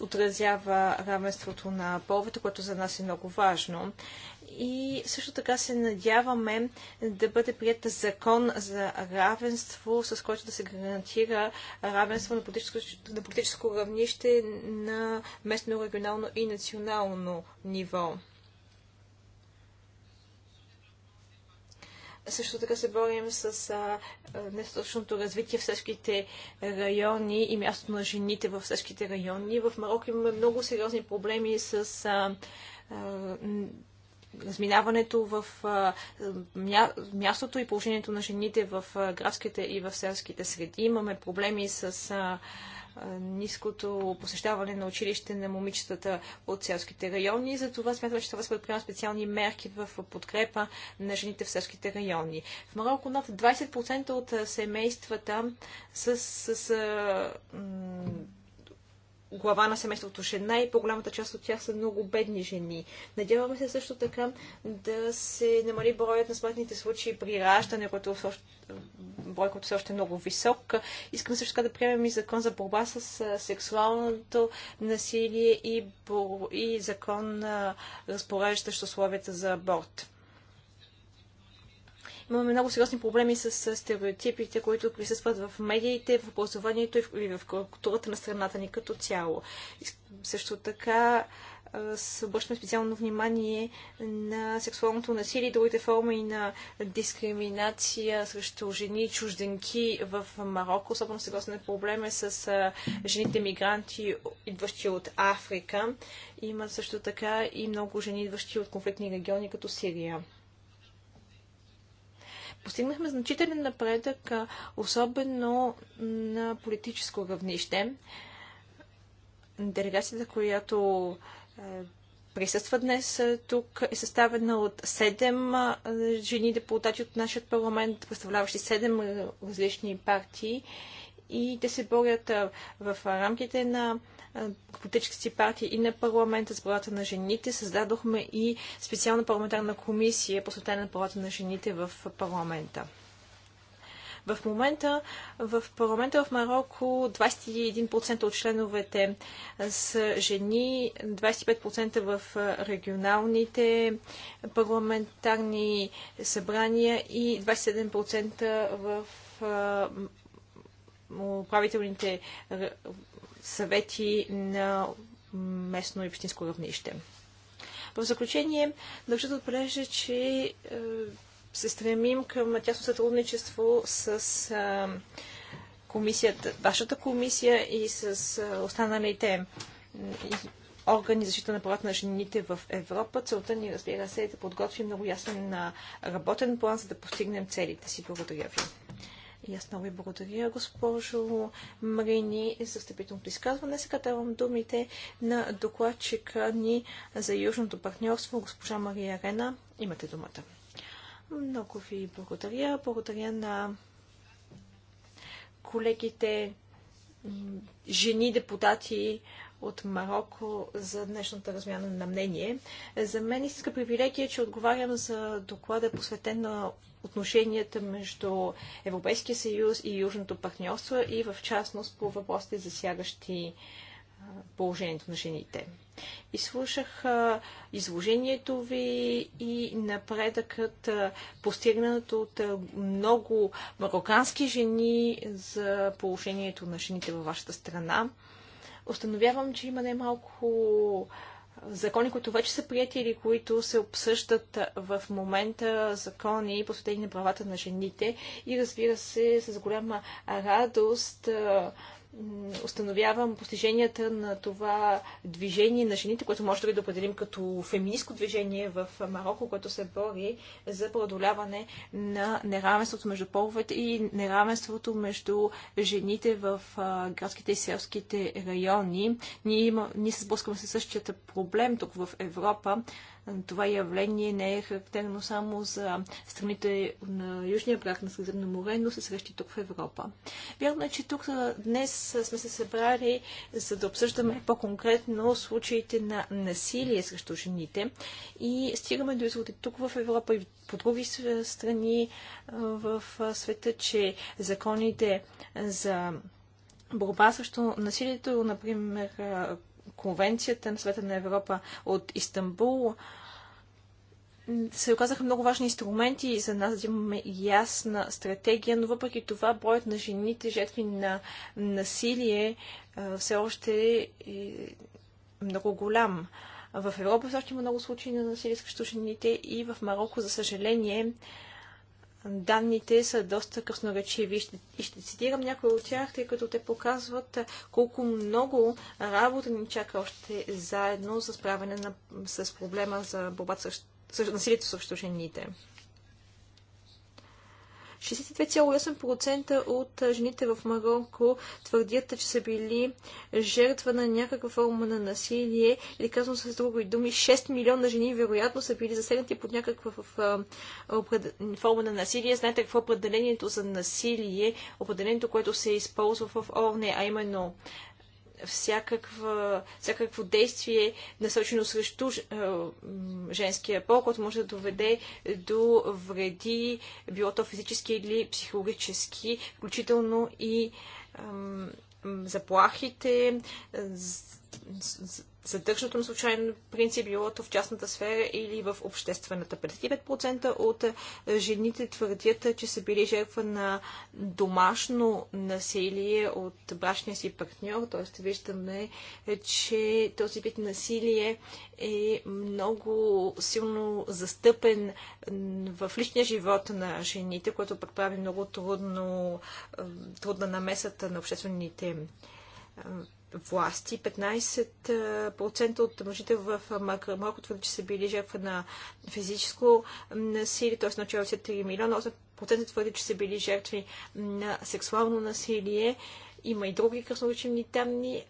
отразява равенството на половете, което за нас е много важно. И също така се надяваме да бъде прият закон за равенство, с който да се гарантира равенство на политическо, на политическо равнище на местно, регионално и национално ниво. Също така се борим с несточното развитие в всичките райони и мястото на жените в всичките райони. В Марокко имаме много сериозни проблеми с а, а, разминаването в а, мя, мястото и положението на жените в градските и в селските среди. Имаме проблеми с ниското посещаване на училище на момичетата от селските райони. За това смятам, че това се предприема специални мерки в подкрепа на жените в селските райони. В Марокко над 20% от семействата с, с, с глава на семейството жена и по-голямата част от тях са много бедни жени. Надяваме се също така да се намали броят на смъртните случаи при раждане, който е още, брой, който е все още е много висок. Искам също така да приемем и закон за борба с сексуалното насилие и, бор... и закон, разпореждащ условията за аборт. Имаме много сериозни проблеми с стереотипите, които присъстват в медиите, в образованието и в културата на страната ни като цяло. И също така обръщаме специално внимание на сексуалното насилие и другите форми на дискриминация срещу жени и чужденки в Марокко. Особено се е проблеми е с жените мигранти, идващи от Африка. Има също така и много жени, идващи от конфликтни региони, като Сирия. Постигнахме значителен напредък, особено на политическо равнище. Делегацията, която е, присъства днес е, тук е съставена от седем жени депутати от нашия парламент, представляващи седем е, различни партии и те се борят в рамките на политически партии и на парламента с правата на жените. Създадохме и специална парламентарна комисия, посветена на правата на жените в парламента. В момента в парламента в Марокко 21% от членовете са жени, 25% в регионалните парламентарни събрания и 27% в управителните съвети на местно и общинско равнище. В заключение, държа да отбележа, че е, се стремим към тясно сътрудничество с е, комисията, вашата комисия и с е, останалите органи за защита на правата на жените в Европа. Целта ни, разбира се, е да подготвим много ясен работен план, за да постигнем целите си. Благодаря ви. И аз много ви благодаря, госпожо Марини, за встъпителното изказване. Сега давам думите на докладчика ни за Южното партньорство, госпожа Мария Рена. Имате думата. Много ви благодаря. Благодаря на колегите жени депутати от Марокко за днешната размяна на мнение. За мен истинска привилегия, е, че отговарям за доклада, посветен на отношенията между Европейския съюз и Южното партньорство и в частност по въпросите засягащи положението на жените. Изслушах изложението ви и напредъкът, постигнато от много марокански жени за положението на жените във вашата страна. Установявам, че има немалко малко закони, които вече са прияти или които се обсъждат в момента, закони посветени на правата на жените. И разбира се, с голяма радост а, установявам постиженията на това движение на жените, което може да ви определим като феминистко движение в Марокко, което се бори за преодоляване на неравенството между половете и неравенството между жените в градските и селските райони. Ние, има, ние се сблъскваме със същията проблем тук в Европа, това явление не е характерно само за страните на Южния бряг на Средиземно море, но се срещи тук в Европа. Вярно е, че тук днес сме се събрали за да обсъждаме по-конкретно случаите на насилие срещу жените и стигаме до изводи тук в Европа и по други страни в света, че законите за борба срещу насилието, например, конвенцията на Света на Европа от Истанбул, се оказаха много важни инструменти за нас да имаме ясна стратегия, но въпреки това броят на жените, жертви на насилие, все още е много голям. В Европа все още има много случаи на насилие срещу жените и в Марокко, за съжаление, данните са доста красноречиви. Ще, и ще цитирам някои от тях, тъй като те показват колко много работа ни чака още заедно за справяне на, с проблема за борбата с, с насилието срещу жените. 62,8% от жените в Марокко твърдят, че са били жертва на някаква форма на насилие или казвам с други думи, 6 милиона жени вероятно са били засегнати под някаква форма на насилие. Знаете какво е определението за насилие, определението, което се използва в ООН, а именно всякаква, всякакво действие, насочено срещу е, женския пол, което може да доведе до вреди, било то физически или психологически, включително и заплахите, е, задържането на случайен принцип, било в частната сфера или в обществената. 55% от е, жените твърдят, е, че са били жертва на домашно насилие от брашния си партньор, т.е. виждаме, е, че този вид насилие е много силно застъпен в личния живот на жените, което пък прави много трудно, трудна намесата на обществените власти. 15% от мъжите в Марокко твърдят, че са били жертва на физическо насилие, т.е. на 3 милиона. 8% твърдят, че са били жертви на сексуално насилие. Има и други красноречивни данни.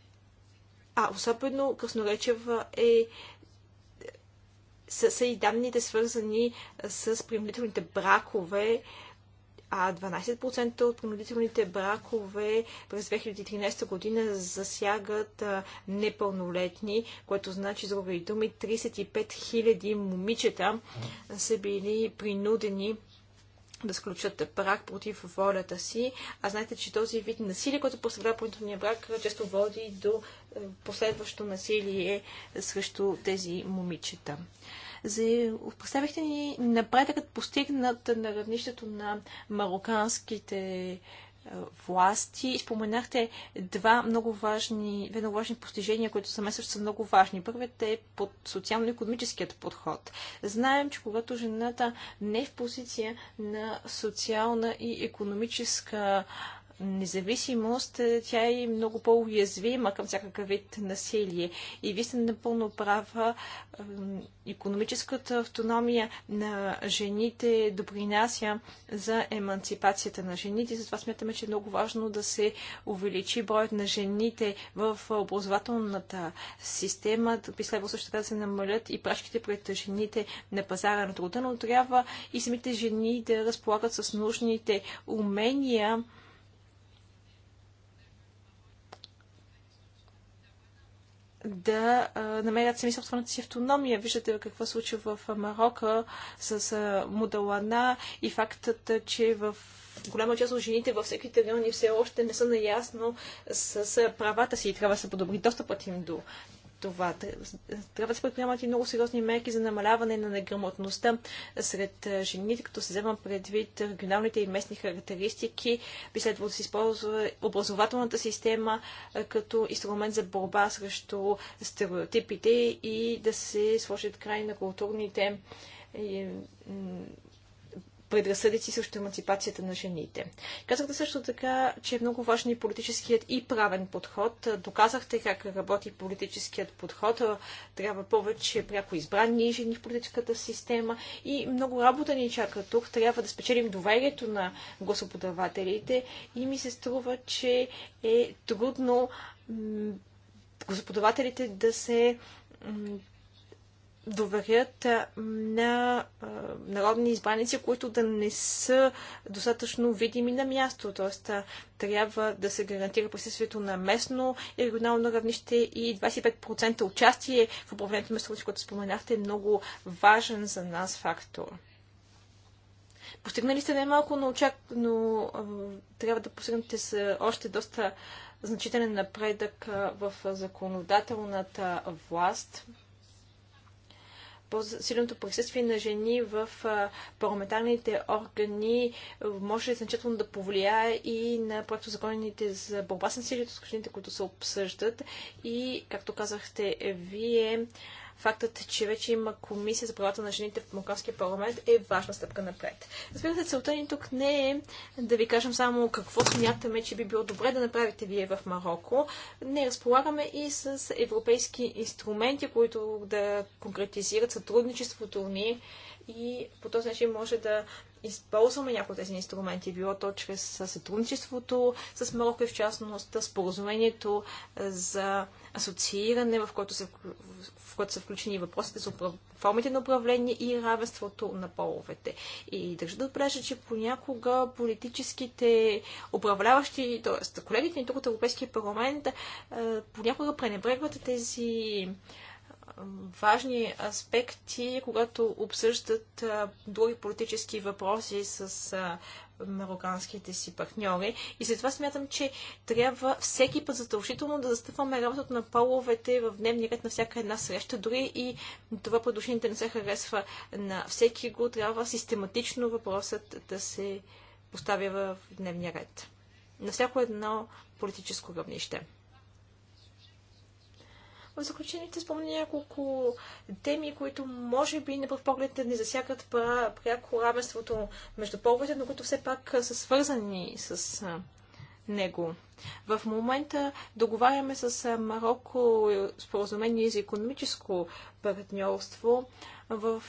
А особено красноречива е са, са и данните свързани с примирителните бракове, а 12% от принудителните бракове през 2013 година засягат непълнолетни, което значи, за други думи, 35 000 момичета са били принудени да сключат брак против волята си. А знаете, че този вид насилие, който представлява принудителния брак, често води до е, последващо насилие срещу тези момичета за... представихте ни напредъкът постигнат на равнището на мароканските е, власти. Споменахте два много важни, две много важни постижения, които за мен също са много важни. Първият е под социално-економическият подход. Знаем, че когато жената не е в позиция на социална и економическа независимост, е, тя е много по-уязвима към всякакъв вид насилие. И вие сте напълно права, економическата автономия на жените допринася за емансипацията на жените. Затова смятаме, че е много важно да се увеличи броят на жените в образователната система. Би следвало също така да се намалят и прачките пред жените на пазара на труда, но трябва и самите жени да разполагат с нужните умения, да намерят сами собствената си автономия. Виждате какво случи в Марокко с Мудалана и фактът, че в голяма част от жените във всеки региони все още не са наясно с правата си и трябва да се подобри достъпът им до това. Трябва да се предприемат и много сериозни мерки за намаляване на неграмотността сред жените, като се взема предвид регионалните и местни характеристики. Би следвало да се използва образователната система като инструмент за борба срещу стереотипите и да се сложат край на културните предразсъдици срещу емансипацията на жените. Казахте също така, че е много важен и политическият и правен подход. Доказахте как работи политическият подход. Трябва повече пряко избрани жени в политическата система и много работа ни чака тук. Трябва да спечелим доверието на гласоподавателите и ми се струва, че е трудно гласоподавателите да се доверят на народни избраници, които да не са достатъчно видими на място. Тоест, трябва да се гарантира присъствието на местно и регионално равнище и 25% участие в управлението на столици, което споменахте, е много важен за нас фактор. Постигнали сте най-малко, но, очак... но трябва да постигнете с още доста значителен напредък в законодателната власт по-силното присъствие на жени в парламентарните органи може значително да повлияе и на проектозаконите за борба с насилието, с които се обсъждат. И, както казахте, вие фактът, че вече има комисия за правата на жените в Мокравския парламент е важна стъпка напред. Разбира се, целта ни тук не е да ви кажем само какво смятаме, че би било добре да направите вие в Марокко. Не, разполагаме и с европейски инструменти, които да конкретизират сътрудничеството ни и по този начин може да използваме някои от тези инструменти, било то чрез сътрудничеството с Марокко и в частност споразумението за асоцииране, в което се което са включени въпросите за формите на управление и равенството на половете. И държа да отбележа, че понякога политическите управляващи, т.е. колегите ни тук от Европейския парламент, понякога пренебрегват тези важни аспекти, когато обсъждат други политически въпроси с мароканските си партньори. И затова смятам, че трябва всеки път задължително да застъпваме работата на половете в дневния ред на всяка една среща. Дори и това предложение не се харесва на всеки го, трябва систематично въпросът да се поставя в дневния ред. На всяко едно политическо равнище. В заключение ще спомня няколко теми, които може би на в поглед не засягат пряко равенството между половете, но които все пак са свързани с него. В момента договаряме с Марокко споразумение за економическо партньорство в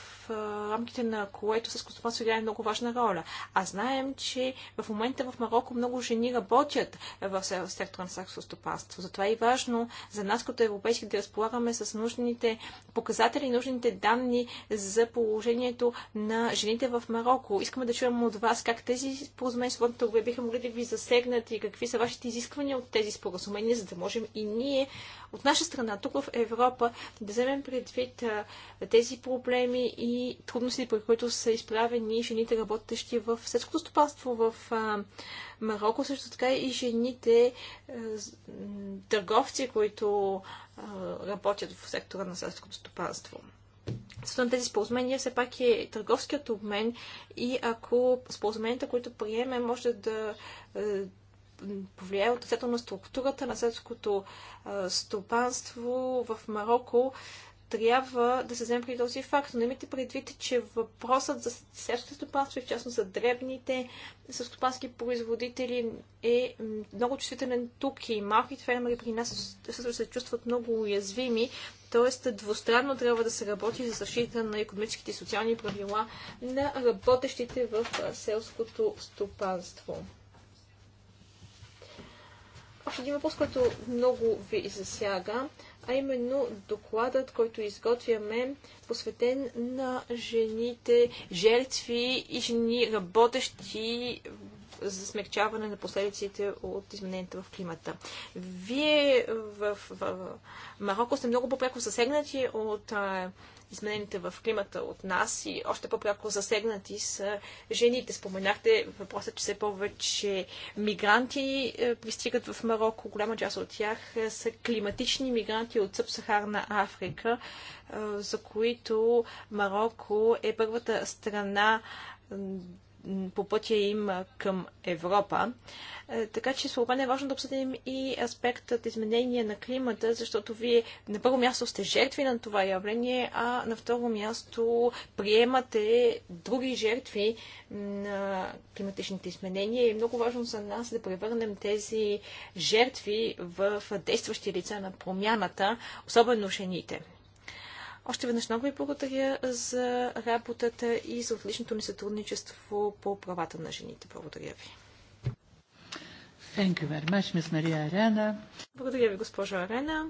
рамките на което с Костопанство играе много важна роля. А знаем, че в момента в Марокко много жени работят в сектора на селското стопанство. Затова е и важно за нас като европейски да разполагаме с нужните показатели, нужните данни за положението на жените в Марокко. Искаме да чуем от вас как тези споразумения свободната търговия биха могли да ви засегнат и какви са вашите изисквания от тези споразумения, за да можем и ние от наша страна тук в Европа да вземем предвид тези проблеми проблеми и трудности, при които са изправени жените, работещи в сетското стопанство в Марокко, също така и жените търговци, които работят в сектора на сетското стопанство. Съдно тези споразумения все пак е търговският обмен и ако споразуменията, които приеме, може да повлияе относително структурата на сетското стопанство в Марокко, трябва да се вземе при този факт. Но имайте предвид, че въпросът за селското стопанство и в частност за дребните селскостопански производители е много чувствителен тук и малките фермери при нас също се чувстват много уязвими. Тоест двустранно трябва да се работи за защита на економическите и социални правила на работещите в селското стопанство. Още един въпрос, който много ви засяга а именно докладът, който изготвяме, посветен на жените жертви и жени работещи за смягчаване на последиците от измененията в климата. Вие в, в, в Марокко сте много по-пряко засегнати от а, изменените в климата от нас и още по-пряко засегнати са жените. Споменахте въпроса, че все повече мигранти е, пристигат в Марокко. Голяма част от тях е, са климатични мигранти от Събсахарна Африка, е, за които Марокко е първата страна по пътя им към Европа. Е, така че според мен е важно да обсъдим и аспектът изменение на климата, защото вие на първо място сте жертви на това явление, а на второ място приемате други жертви на климатичните изменения. И е много важно за нас да превърнем тези жертви в действащи лица на промяната, особено жените. Още веднъж много ви благодаря за работата и за отличното ни сътрудничество по правата на жените. Благодаря ви. Thank you very much, Miss Maria Arena. Благодаря ви, госпожо Арена.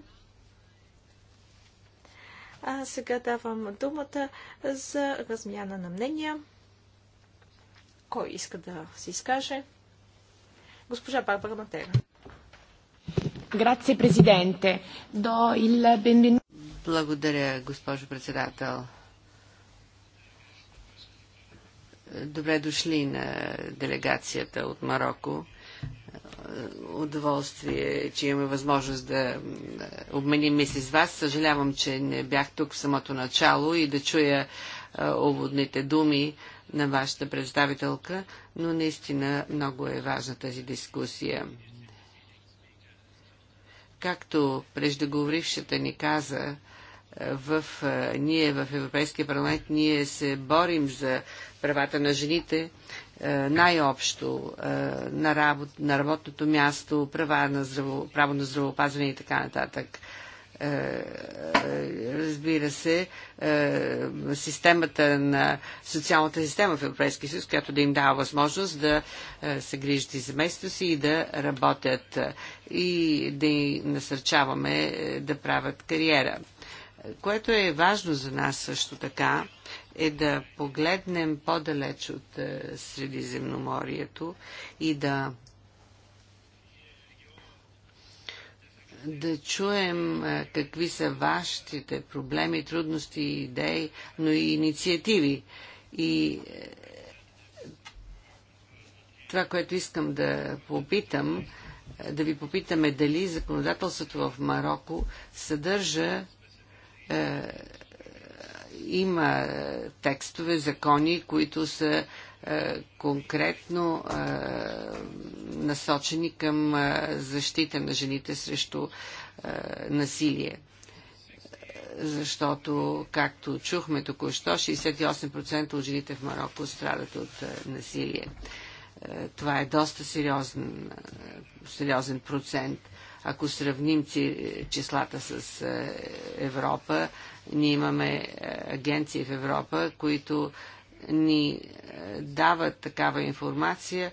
А сега давам думата за размяна на мнения. Кой иска да се изкаже? Госпожа Барбара Матера. Грация, президенте. До il benvenuto. Благодаря, госпожо председател. Добре дошли на делегацията от Марокко. Удоволствие, че имаме възможност да обменим мисли с вас. Съжалявам, че не бях тук в самото начало и да чуя е, уводните думи на вашата представителка, но наистина много е важна тази дискусия. Както преждеговорившата ни каза, е, в, е, ние в Европейския парламент ние се борим за правата на жените е, най-общо на, работ, на работното място, права на здраво, право на здравеопазване и така нататък. Е, разбира се, е, системата на социалната система в Европейския съюз, която да им дава възможност да е, се грижат и место си и да работят и да ги насърчаваме да правят кариера. Което е важно за нас също така, е да погледнем по-далеч от Средиземноморието и да да чуем какви са вашите проблеми, трудности, идеи, но и инициативи. И е, това, което искам да попитам, е, да ви попитаме дали законодателството в Марокко съдържа е, има е, текстове, закони, които са е, конкретно насочени към защита на жените срещу насилие защото, както чухме току-що, 68% от жените в Марокко страдат от насилие. Това е доста сериозен, сериозен процент. Ако сравним числата с Европа, ние имаме агенции в Европа, които ни дават такава информация,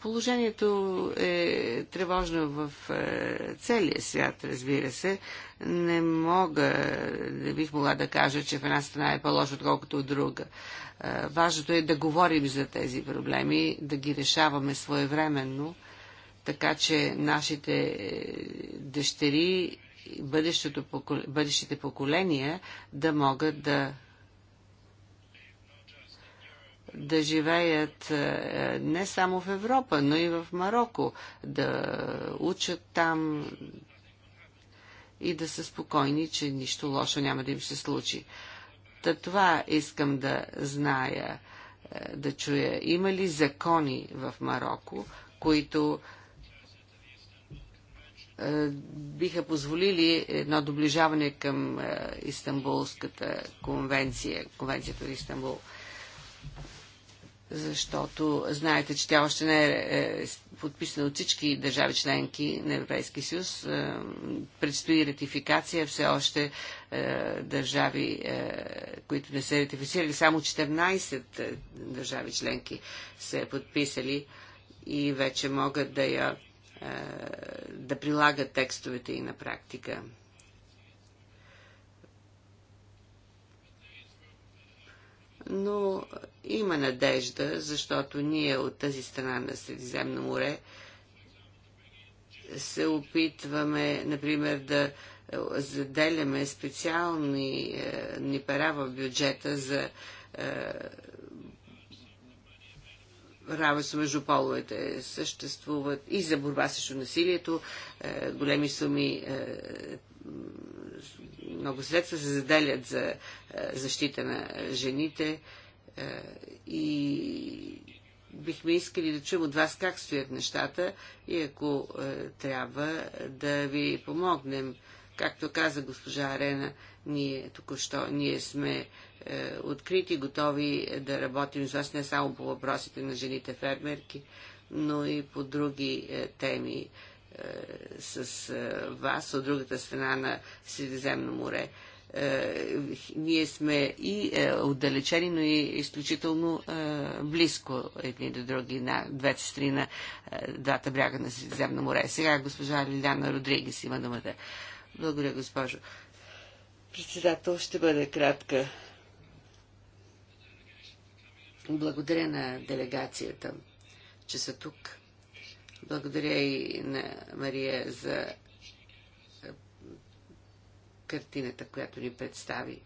Положението е тревожно в е, целия свят, разбира се. Не мога, не бих могла да кажа, че в една страна е по-лошо, отколкото в друга. Е, важното е да говорим за тези проблеми, да ги решаваме своевременно, така че нашите е, дъщери, бъдещите поколения да могат да да живеят е, не само в Европа, но и в Марокко, да учат там и да са спокойни, че нищо лошо няма да им се случи. Та това искам да зная, е, да чуя. Има ли закони в Марокко, които е, биха позволили едно доближаване към Истанбулската конвенция, конвенцията в Истанбул защото знаете, че тя още не е, е подписана от всички държави членки на Европейския съюз. Е, предстои ратификация, все още е, държави, които не са ратифицирали, само 14 държави членки се подписали и вече могат да я да прилагат текстовете и на практика. но има надежда, защото ние от тази страна на Средиземно море се опитваме, например, да е, заделяме специални е, ни пара в бюджета за е, равенство между половете. Съществуват и за борба срещу насилието е, големи суми е, много средства се заделят за е, защита на жените е, и бихме искали да чуем от вас как стоят нещата и ако е, трябва да ви помогнем. Както каза госпожа Арена, ние току-що, ние сме е, открити, готови да работим с вас не само по въпросите на жените фермерки, но и по други е, теми. Е, с е, вас от другата страна на Средиземно море. Е, ние сме и е, отдалечени, но и изключително близко едни до други на двете страни на двата бряга на Средиземно море. Сега госпожа Лиляна Родригес има думата. Благодаря, госпожо. Председател, ще бъде кратка. Благодаря на делегацията, че са тук. Благодаря и на Мария за картината, която ни представи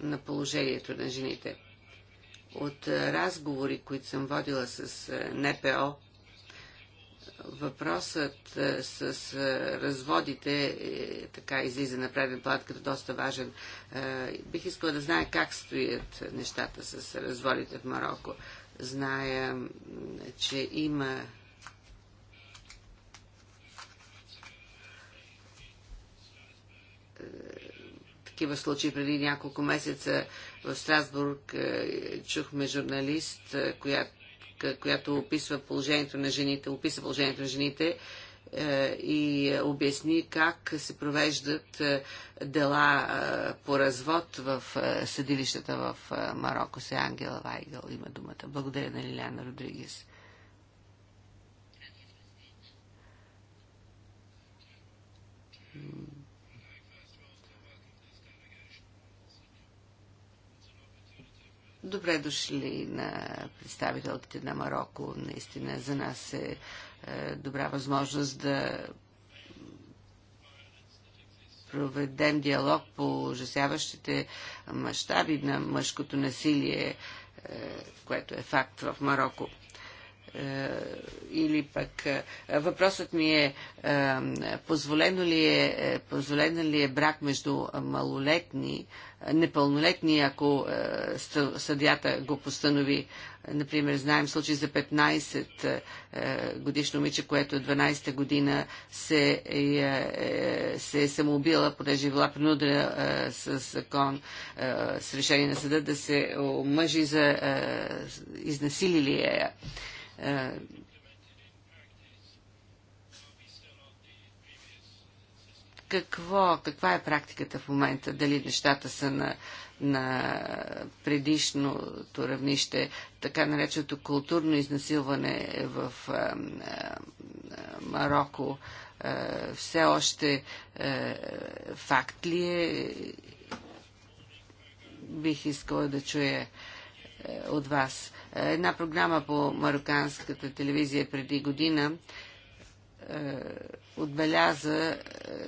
на положението на жените. От разговори, които съм водила с НПО, въпросът с разводите е, така излиза на преден план като доста важен. бих искала да знае как стоят нещата с разводите в Марокко. Зная, че има е, такива случаи преди няколко месеца в Страсбург е, чухме журналист, е, която която описва положението на жените, описа положението на жените е, и обясни как се провеждат е, дела е, по развод в съдилищата в Марокко. Се Ангела Вайгъл има думата. Благодаря на Лиляна Родригес. Добре дошли на представителките на Марокко. Наистина за нас е е, добра възможност да проведем диалог по ужасяващите мащаби на мъжкото насилие, е, което е факт в Марокко е, или пък въпросът ми е позволено ли е, позволено ли е брак между малолетни, непълнолетни, ако съдята го постанови. Например, знаем случай за 15 е, е, годишно момиче, което от 12-та година се, е, е, се е самоубила, понеже е била принудена е, с закон, е, с решение на съда да се омъжи за е, изнасилили я. Е, какво, каква е практиката в момента, дали нещата са на, на предишното равнище, така нареченото културно изнасилване в а, а, Марокко, а, все още а, факт ли е? Бих искала да чуя от вас. Една програма по марокканската телевизия преди година а, е, отбеляза е,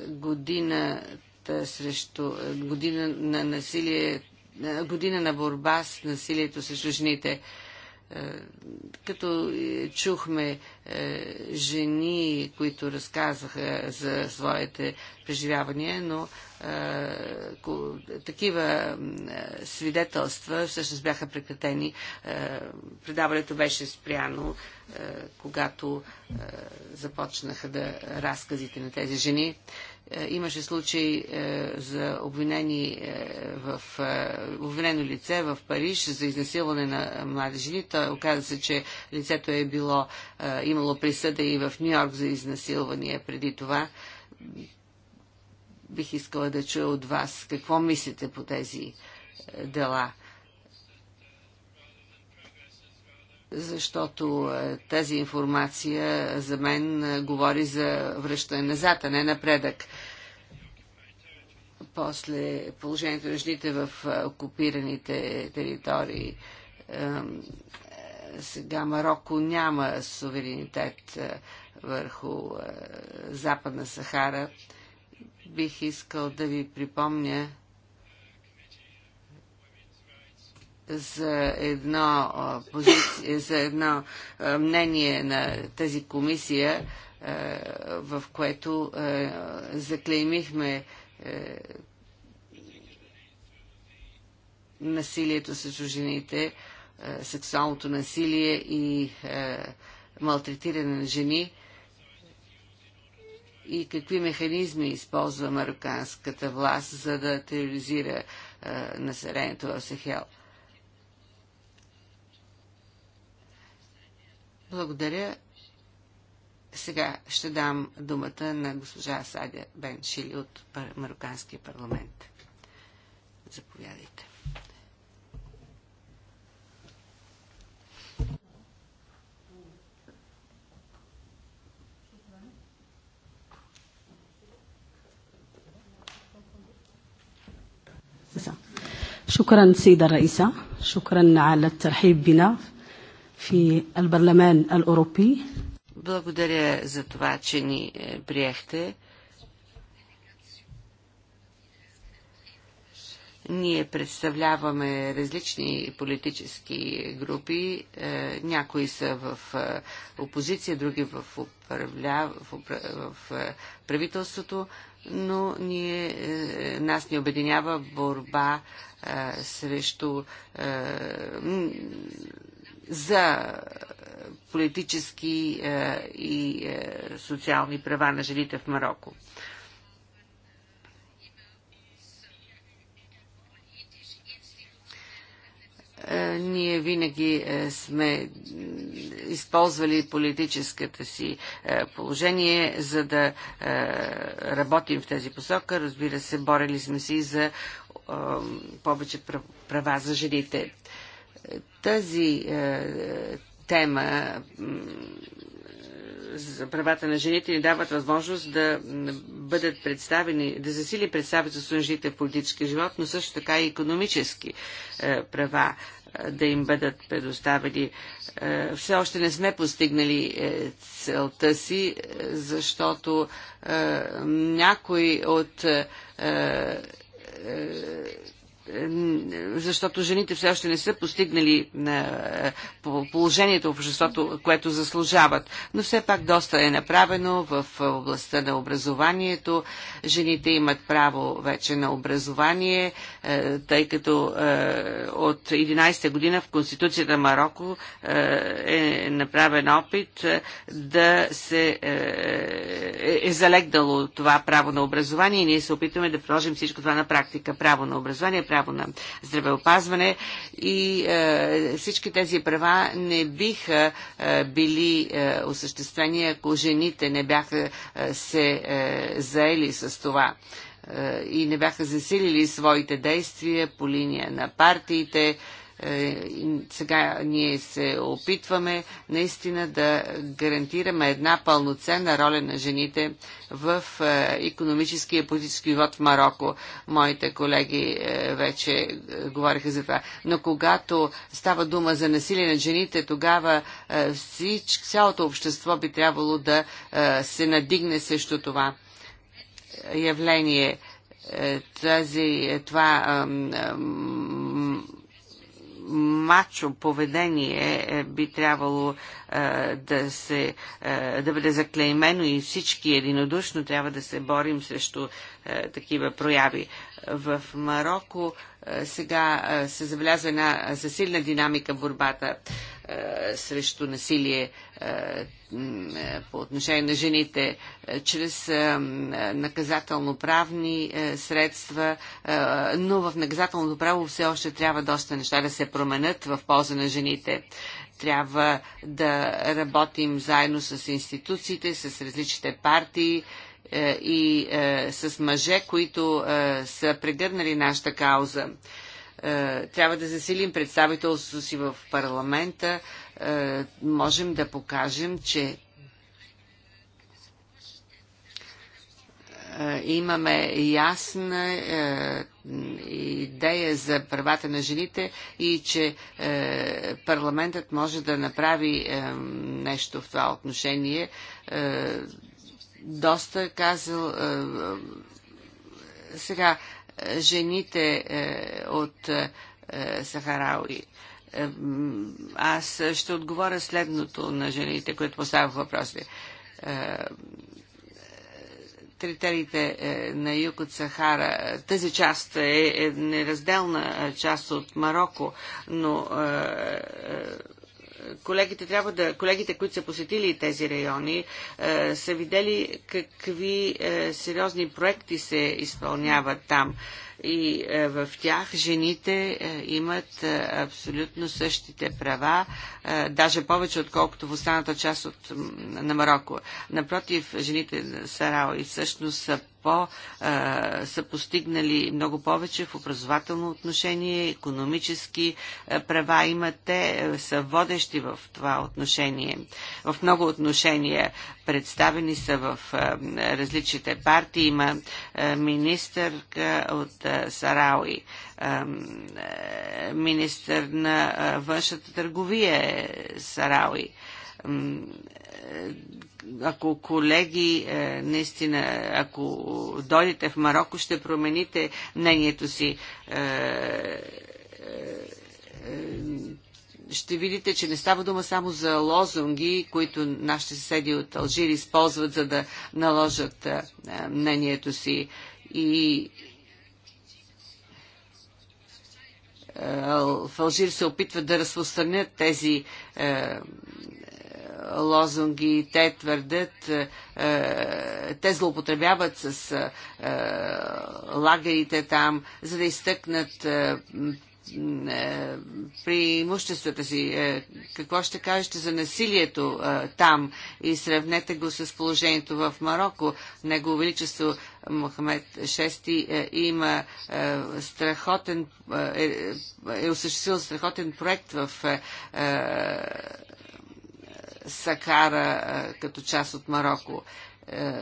годината срещу е, година на насилие, година на борба с насилието срещу жените като е, чухме е, жени, които разказаха за своите преживявания, но е, такива свидетелства всъщност бяха прекратени. Предаването беше спряно, когато започнаха да разказите на тези жени. Е, имаше случай е, за обвинени е, в обвинено лице в Париж за изнасилване на млади жени. Той оказа се, че лицето е било, имало присъда и в Нью-Йорк за изнасилвания преди това. Бих искала да чуя от вас какво мислите по тези дела защото е, тази информация е, за мен е, говори за връщане назад, а не напредък. После положението на жените в окупираните територии. Сега Марокко няма суверенитет върху Западна Сахара. Бих искал да ви припомня, за едно, позиция, за едно мнение на тази комисия, в което заклеймихме насилието срещу жените, сексуалното насилие и малтретиране на жени и какви механизми използва марокканската власт, за да тероризира населението в Сахел. Благодаря. Сега ще дам думата на госпожа Садя Шили от Марокканския парламент. Заповядайте. شكرا سيدة الرئيسة شكرا على الترحيب بنا في البرلمان الأوروبي Благодаря за това, че ни е, приехте. Ние представляваме различни политически групи. Е, някои са в е, опозиция, други в, управля... в, в правителството, но ние, нас ни обединява борба срещу за политически е, и е, социални права на жените в Марокко. Е, ние винаги сме използвали политическата си положение, за да работим в тази посока. Разбира се, борели сме си за повече права за жените. Тази е, тема за правата на жените ни дават възможност да бъдат представени, да засили представителството на жените в политически живот, но също така и економически е, права е, да им бъдат предоставени. Е, все още не сме постигнали е, целта си, е, защото някои от защото жените все още не са постигнали е, положението в обществото, което заслужават. Но все пак доста е направено в е, областта на образованието. Жените имат право вече на образование, е, тъй като от 11-та година в Конституцията на Марокко е направен опит да се е залегнало това право на образование и ние се опитваме да приложим всичко това на практика. Право на образование, право на здравеопазване и е, всички тези права не биха е, били е, осъществени, ако жените не бяха е, се е, заели с това е, и не бяха засилили своите действия по линия на партиите, е, сега ние се опитваме наистина да гарантираме една пълноценна роля на жените в економически и политически живот в Марокко. Моите колеги е, вече е, говориха за това. Но когато става дума за насилие на жените, тогава всич, цялото общество би трябвало да се надигне срещу това явление. Тази, това мачо поведение е, би трябвало е, да, се, е, да бъде заклеймено и всички единодушно трябва да се борим срещу такива прояви. В Марокко е, сега е, се забелязва една засилена динамика в борбата е, срещу насилие по отношение на жените, чрез наказателно-правни средства, но в наказателното право все още трябва доста неща да се променят в полза на жените трябва да работим заедно с институциите, с различните партии, е, и е, с мъже, които е, са прегърнали нашата кауза. Трябва да засилим представителството си в парламента. Можем да покажем, че имаме ясна е, идея за правата на жените и че е, парламентът може да направи е, нещо в това отношение доста казал. Е, е, сега, жените е, от Сахарауи. Аз ще отговоря следното на жените, които поставях въпроси: Тритерите на юг от Сахара. Тази част е неразделна част от Марокко, но колегите, трябва да, колегите, които са посетили тези райони, е, са видели какви е, сериозни проекти се изпълняват там. И е, в тях жените е, имат е, абсолютно същите права, е, даже повече отколкото в останата част от, на Марокко. Напротив, жените Сарао и всъщност са по, а, са постигнали много повече в образователно отношение, економически а, права имат, те са водещи в това отношение. В много отношения представени са в а, различните партии. Има а, министърка от а, Сарауи, а, министър на а, външната търговия е Сарауи ако колеги, е, наистина, ако дойдете в Марокко, ще промените мнението си. Е, е, ще видите, че не става дума само за лозунги, които нашите съседи от Алжир използват, за да наложат мнението си. И в Алжир се опитват да разпространят тези лозунги. Те твърдят, е, е, те злоупотребяват с е, лагерите там, за да изтъкнат при имуществата си. Какво ще кажете за насилието там и сравнете го с положението в Марокко? Негово Величество Мохамед VI има страхотен, е, е, е осъществил страхотен проект в Сахара като част от Марокко. Е,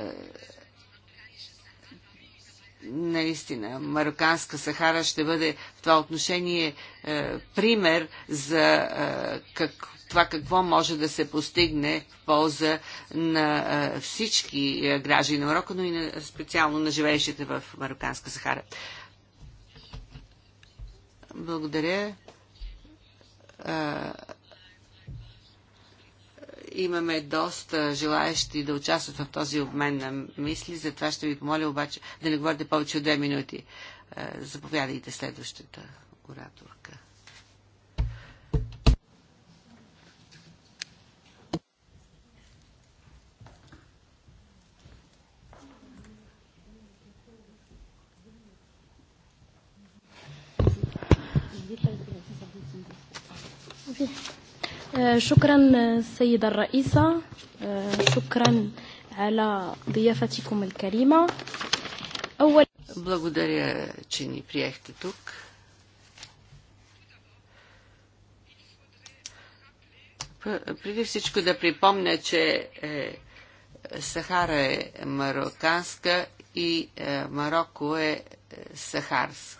наистина, Мароканска Сахара ще бъде в това отношение е, пример за е, как, това какво може да се постигне в полза на всички граждани на Марокко, но и на, специално на живеещите в Мароканска Сахара. Благодаря. Имаме доста желаящи да участват в този обмен на мисли, затова ще ви помоля обаче да не говорите повече от две минути. Е, заповядайте следващата ораторка. Thank you. شكرا سيدة الرئيسة شكرا على ضيافتكم الكريمة أول Благодаря, че ни приехте тук. Преди всичко да припомня, че е, Сахара е мароканска и е, Марокко е е сахарска.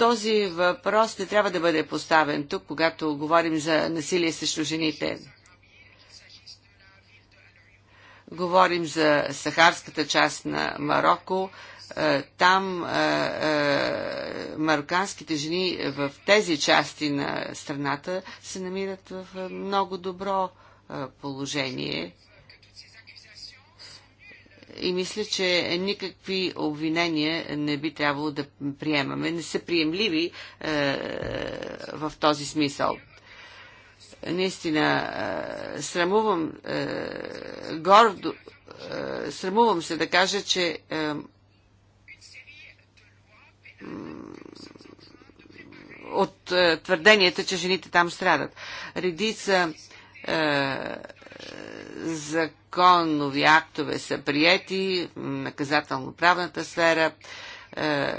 Този въпрос не трябва да бъде поставен тук, когато говорим за насилие срещу жените. Говорим за сахарската част на Марокко. Е, там е, е, мароканските жени в тези части на страната се намират в много добро положение и мисля, че никакви обвинения не би трябвало да приемаме. Не са приемливи е, в този смисъл. Наистина, е, срамувам е, гордо, е, срамувам се да кажа, че е, от е, твърденията, че жените там страдат. Редица е, за законови актове са приети в наказателно-правната сфера, е,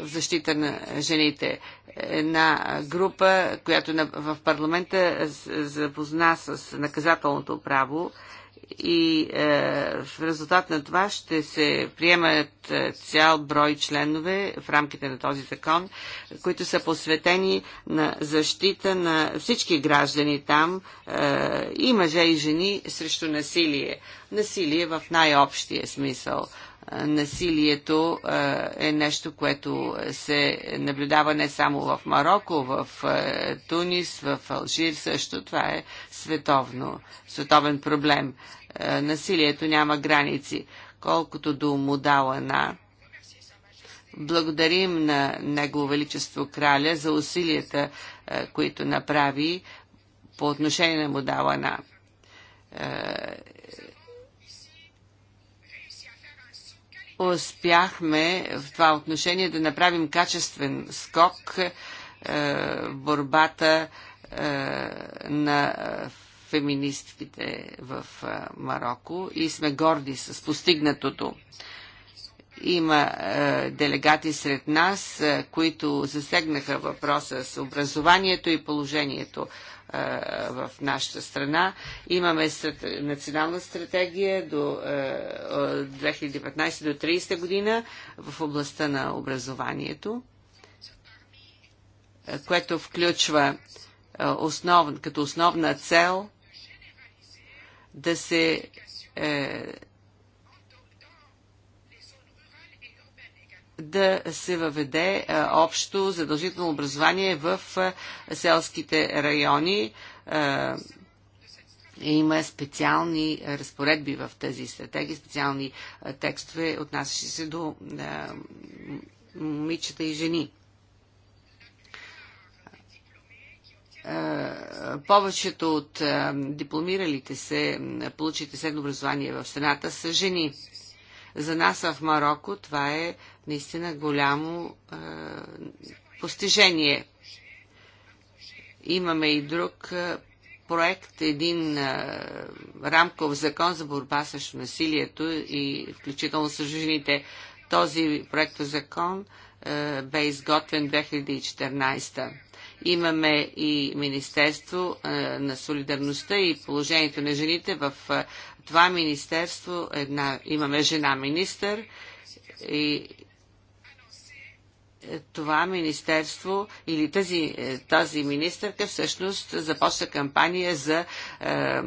в защита на жените. Една група, която в парламента запозна с наказателното право, и е, в резултат на това ще се приемат е, цял брой членове в рамките на този закон, които са посветени на защита на всички граждани там, е, и мъже и жени, срещу насилие. Насилие в най-общия смисъл насилието е нещо, което се наблюдава не само в Марокко, в Тунис, в Алжир също. Това е световно, световен проблем. Насилието няма граници. Колкото до модала на Благодарим на Негово Величество Краля за усилията, които направи по отношение на модала на успяхме в това отношение да направим качествен скок е, в борбата е, на феминистките в е, Марокко и сме горди с постигнатото. Има е, делегати сред нас, е, които засегнаха въпроса с образованието и положението в нашата страна. Имаме национална стратегия до 2015 до 30 година в областта на образованието, което включва основ, като основна цел да се е, да се въведе общо задължително образование в селските райони. Има специални разпоредби в тези стратегии, специални текстове, отнасящи се до момичета и жени. Повечето от дипломиралите се, получите следно образование в страната са жени за нас в Марокко това е наистина голямо е, постижение. Имаме и друг е, проект, един е, рамков закон за борба с насилието и включително с жените. Този проект закон е, бе изготвен 2014. Имаме и Министерство е, на солидарността и положението на жените. В е, това министерство една, имаме жена министър и е, това министерство или тази, тази министърка всъщност започна кампания за е,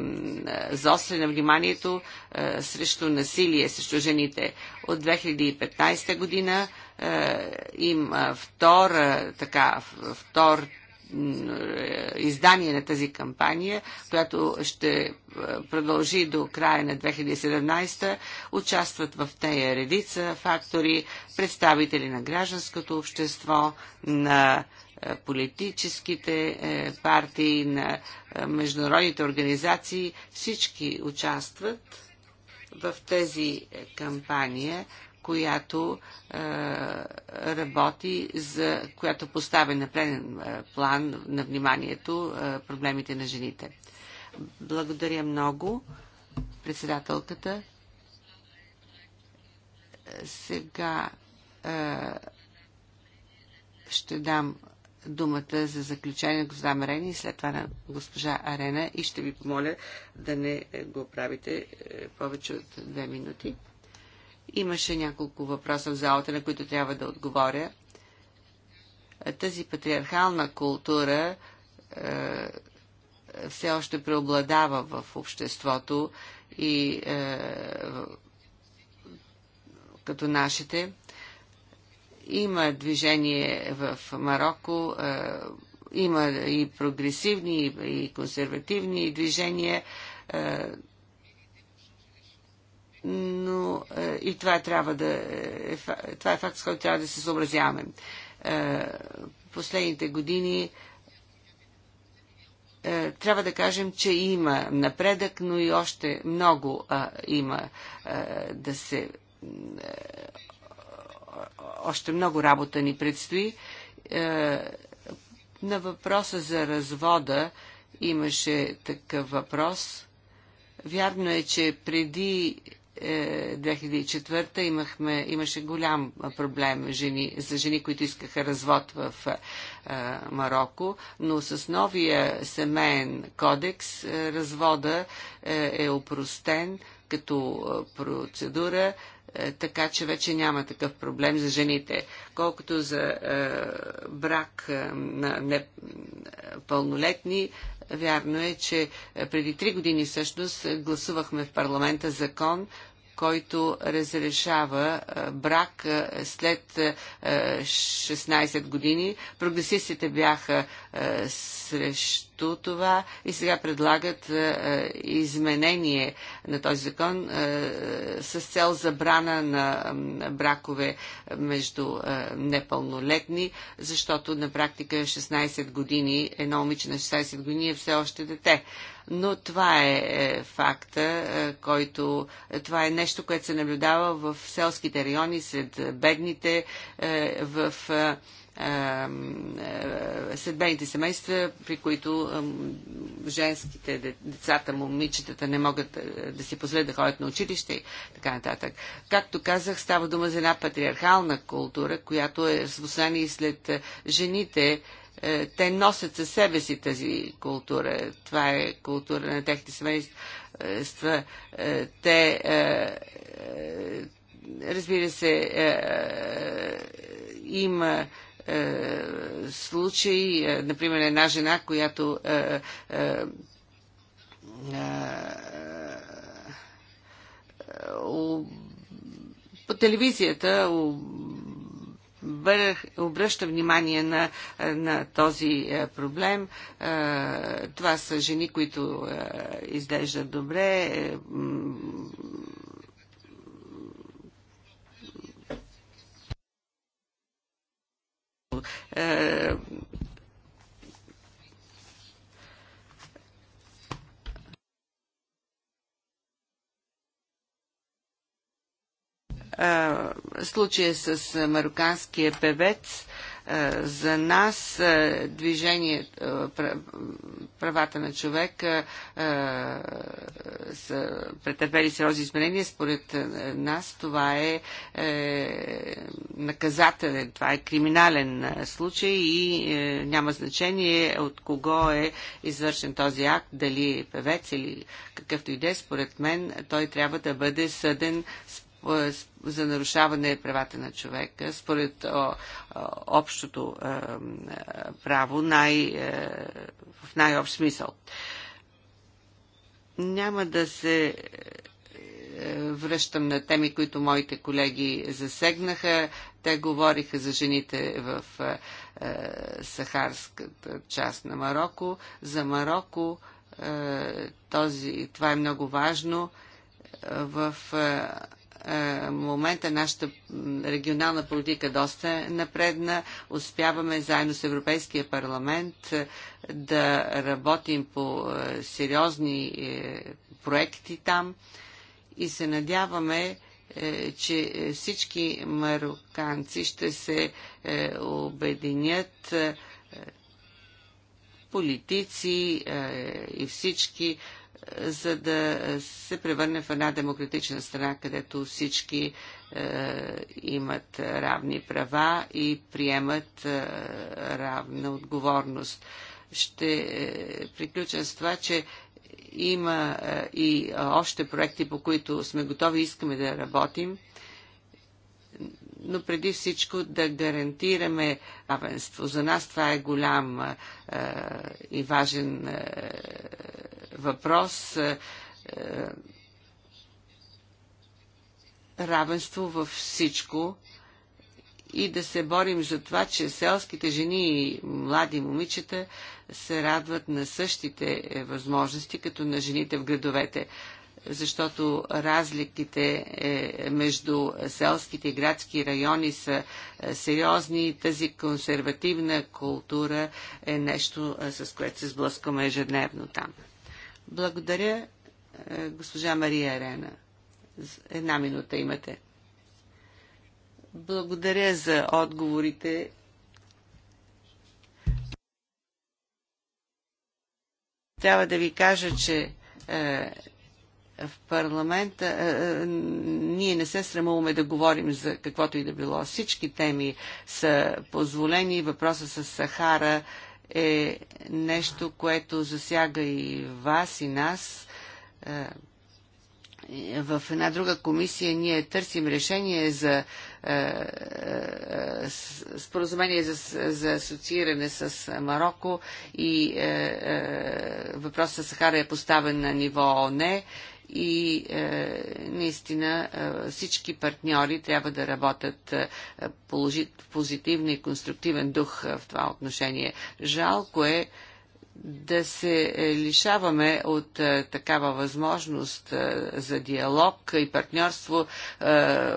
заостряне на вниманието е, срещу насилие, срещу жените. От 2015 година е, има втора, така, втор издание на тази кампания, която ще е, продължи до края на 2017. Участват в нея редица фактори, представители на гражданското общество, на е, политическите е, партии, на международните организации. Всички участват в тези кампания която е, работи, за, която поставя на преден е, план на вниманието е, проблемите на жените. Благодаря много, председателката. Сега е, ще дам думата за заключение на госпожа Марени и след това на госпожа Арена и ще ви помоля да не го правите е, повече от две минути. Имаше няколко въпроса в залата, на които трябва да отговоря. Тази патриархална култура е, все още преобладава в обществото и е, като нашите. Има движение в Марокко, е, има и прогресивни, и консервативни движения. Е, но е, и това трябва да е, е, това е факт, с който трябва да се съобразяваме. Последните години трябва да кажем, че има напредък, но и още много има да се. още много работа ни предстои. на въпроса за развода имаше такъв въпрос. Вярно е, че преди 2004 е, имахме, имаше голям проблем жени, за жени, които искаха развод в е, Марокко, но с новия семейен кодекс е, развода е, е опростен като процедура е, така че вече няма такъв проблем за жените. Колкото за е, брак е, на непълнолетни, вярно е, че е, преди три години всъщност гласувахме в парламента закон, който разрешава брак след 16 години. Прогресистите бяха срещу срещу това и сега предлагат е, е, изменение на този закон е, с цел забрана на бракове между непълнолетни, защото на практика 16 години, едно момиче на 16 години е все още дете. Но това е факта, който, това е нещо, което се наблюдава в селските райони, сред бедните, в е, съдбените семейства, при които женските, децата, момичетата не могат е, да си позволят да ходят на училище и така нататък. Както казах, става дума за една патриархална култура, която е разпространена и след е, жените, те носят със себе си тази култура. Това е култура на техните семейства. Те, разбира се, има е, случаи, е, например, една жена, която е, по телевизията обръща внимание на, на този проблем. Това са жени, които изглеждат добре, случая с мароканския певец е, за нас е, движение е, правата на човека са претърпели сериозни изменения. Според нас това е наказателен, това е криминален случай и няма значение от кого е извършен този акт, дали е певец или какъвто и да е. Според мен той трябва да бъде съден с е, за нарушаване правата на човека. Според общото е, право най, е, в най-общ смисъл. Няма да се връщам на теми, които моите колеги засегнаха. Те говориха за жените в сахарската част на Марокко. За Марокко този, това е много важно. В момента нашата регионална политика доста е напредна. Успяваме заедно с Европейския парламент е, да работим по е, сериозни проекти там и се надяваме, че всички мароканци ще се обединят политици и всички за да се превърне в една демократична страна, където всички е, имат равни права и приемат е, равна отговорност. Ще е, приключа с това, че има е, и още проекти, по които сме готови и искаме да работим но преди всичко да гарантираме равенство. За нас това е голям а, и важен а, въпрос. А, равенство във всичко и да се борим за това, че селските жени и млади момичета се радват на същите е, възможности, като на жените в градовете защото разликите е, между селските и градски райони са е, сериозни и тази консервативна култура е нещо, е, с което се сблъскваме ежедневно там. Благодаря, госпожа Мария Арена. Една минута имате. Благодаря за отговорите трябва да ви кажа, че в парламента е, е, ние не се срамуваме да говорим за каквото и да било. Всички теми са позволени. Въпроса с Сахара е нещо, което засяга и вас, и нас. Е, в една друга комисия ние търсим решение за споразумение за, за асоцииране с Марокко и въпросът с Сахара е поставен на ниво ОНЕ и е, наистина е, всички партньори трябва да работят е, положит, и конструктивен дух е, в това отношение. Жалко е да се е, лишаваме от е, такава възможност е, за диалог и партньорство е,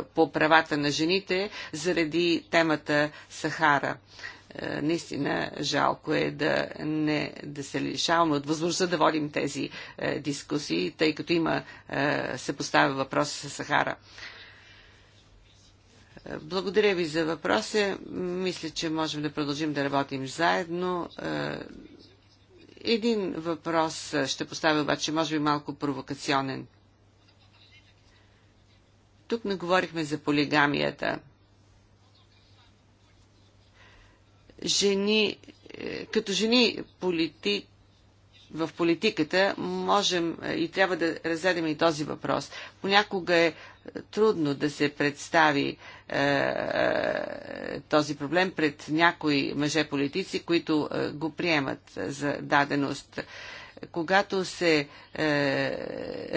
по правата на жените заради темата Сахара. Е, е, наистина жалко е да, не, да се лишаваме от възможността да водим тези е, дискусии, тъй като има, е, се поставя въпроса с Сахара. Е, благодаря ви за въпроса. Мисля, че можем да продължим да работим заедно. Е, един въпрос ще поставя обаче, може би малко провокационен. Тук не говорихме за полигамията – жени, е, като жени полити, в политиката можем е, и трябва да разгледаме и този въпрос. Понякога е, е трудно да се представи е, е, този проблем пред някои мъже политици, които е, го приемат за даденост. Когато се е,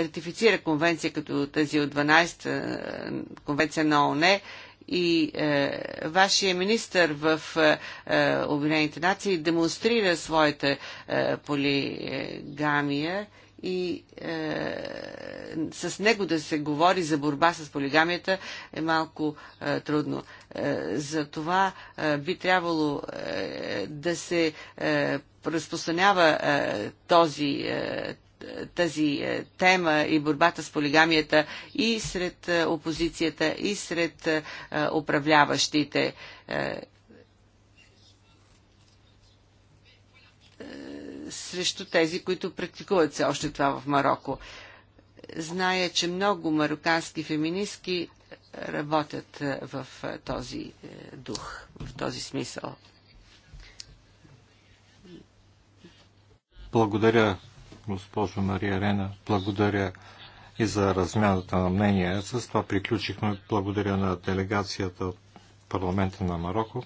ратифицира конвенция като тази от 12 конвенция на ОНЕ, и е, вашия министр в е, е, Обединените нации демонстрира своята е, полигамия и е, с него да се говори за борба с полигамията е малко е, трудно. Е, за това е, би трябвало е, да се е, разпространява е, този е, тази е, тема и борбата с полигамията и сред е, опозицията, и сред е, управляващите. срещу тези, които практикуват все още това в Марокко. Зная, че много марокански феминистки работят в този дух, в този смисъл. Благодаря госпожо Мария Рена. Благодаря и за размяната на мнение. С това приключихме благодаря на делегацията от парламента на Марокко.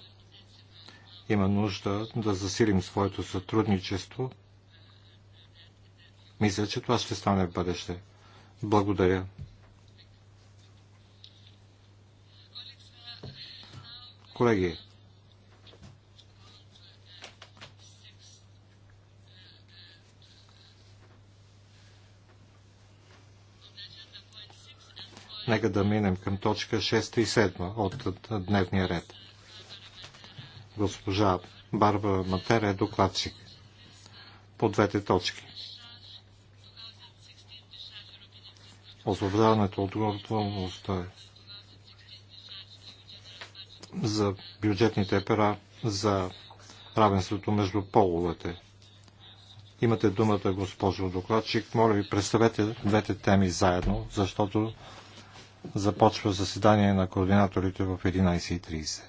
Има нужда да засилим своето сътрудничество. Мисля, че това ще стане в бъдеще. Благодаря. Колеги, Нека да минем към точка 6 и 7 от дневния ред. Госпожа Барбара Матер е докладчик по двете точки. Освобождаването от отговорността за бюджетните пера за равенството между половете. Имате думата, госпожо докладчик. Моля ви, представете двете теми заедно, защото Започва заседание на координаторите в 11.30.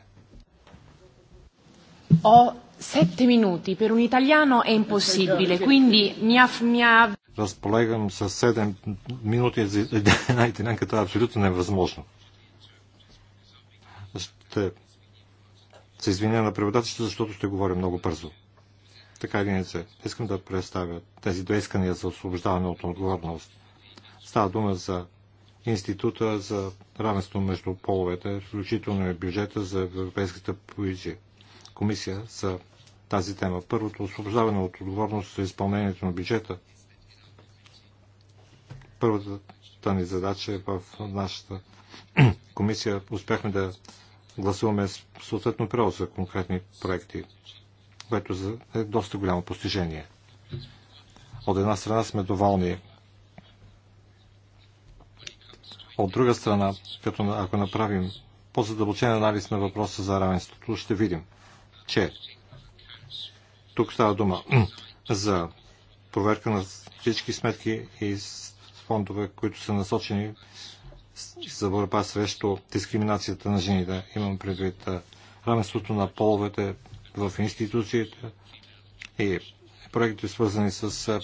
О, sette минути. Пер un italiano е impossibile, quindi mi ha... Mi с 7 минути за една италянка, това е абсолютно невъзможно. Ще се извиня на преводачите, защото ще говоря много бързо. Така или иначе, искам да представя тези две искания за освобождаване от отговорност. Става дума за Института за равенство между половете, включително и бюджета за Европейската полиция. комисия за тази тема. Първото освобождаване от отговорност за изпълнението на бюджета. Първата ни задача е в нашата комисия. Успяхме да гласуваме съответно право за конкретни проекти, което е доста голямо постижение. От една страна сме доволни от друга страна, като ако направим по-задълбочен анализ на въпроса за равенството, ще видим, че тук става дума *clears throat* за проверка на всички сметки и фондове, които са насочени за борба срещу дискриминацията на жените. Имам предвид равенството на половете в институциите и проекти, свързани с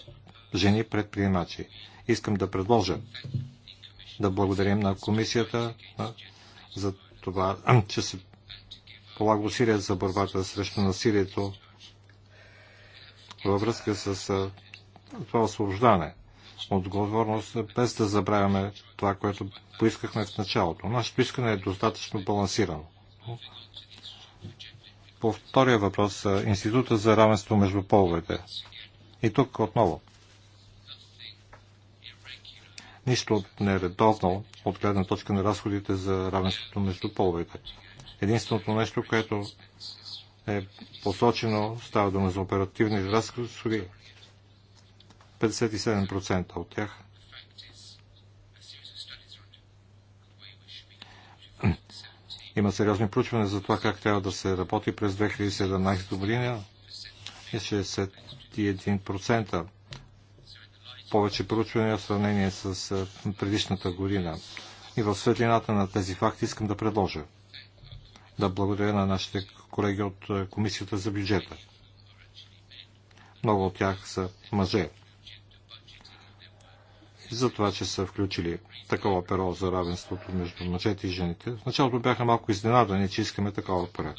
жени предприемачи. Искам да предложа да благодарим на комисията за това, *clears throat* че се полага усилия за борбата срещу насилието във връзка с това освобождане отговорност, без да забравяме това, което поискахме в началото. Нашето искане е достатъчно балансирано. По втория въпрос, Института за равенство между половете. И тук отново нищо от нередовно от гледна точка на разходите за равенството между половете. Единственото нещо, което е посочено, става дума за оперативни разходи, 57% от тях. Има сериозни проучвания за това как трябва да се работи през 2017 година е, и 61% повече проучвания в сравнение с предишната година. И в светлината на тези факти искам да предложа да благодаря на нашите колеги от Комисията за бюджета. Много от тях са мъже. И за това, че са включили такова перо за равенството между мъжете и жените. В началото бяха малко изненадани, че искаме такова перо.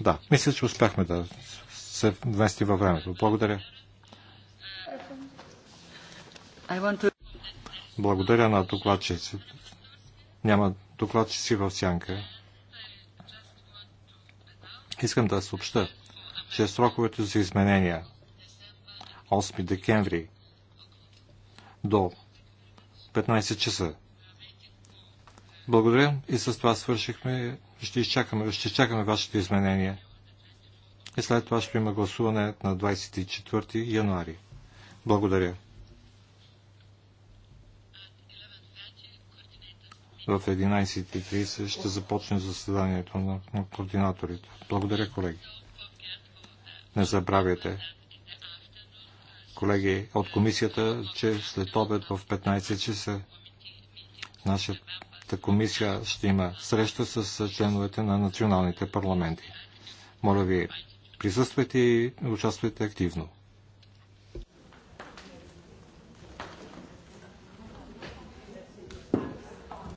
Да, мисля, че успяхме да се вмести във времето. Благодаря. Благодаря на докладчиците. Няма докладчици в сянка. Искам да съобща, че сроковете за изменения 8 декември до 15 часа. Благодаря и с това свършихме. Ще изчакаме, ще изчакаме вашите изменения. И след това ще има гласуване на 24 януари. Благодаря. в 11.30 ще започне заседанието на, на координаторите. Благодаря, колеги. Не забравяйте, колеги от комисията, че след обед в 15 часа нашата комисия ще има среща с членовете на националните парламенти. Моля ви, присъствайте и участвайте активно.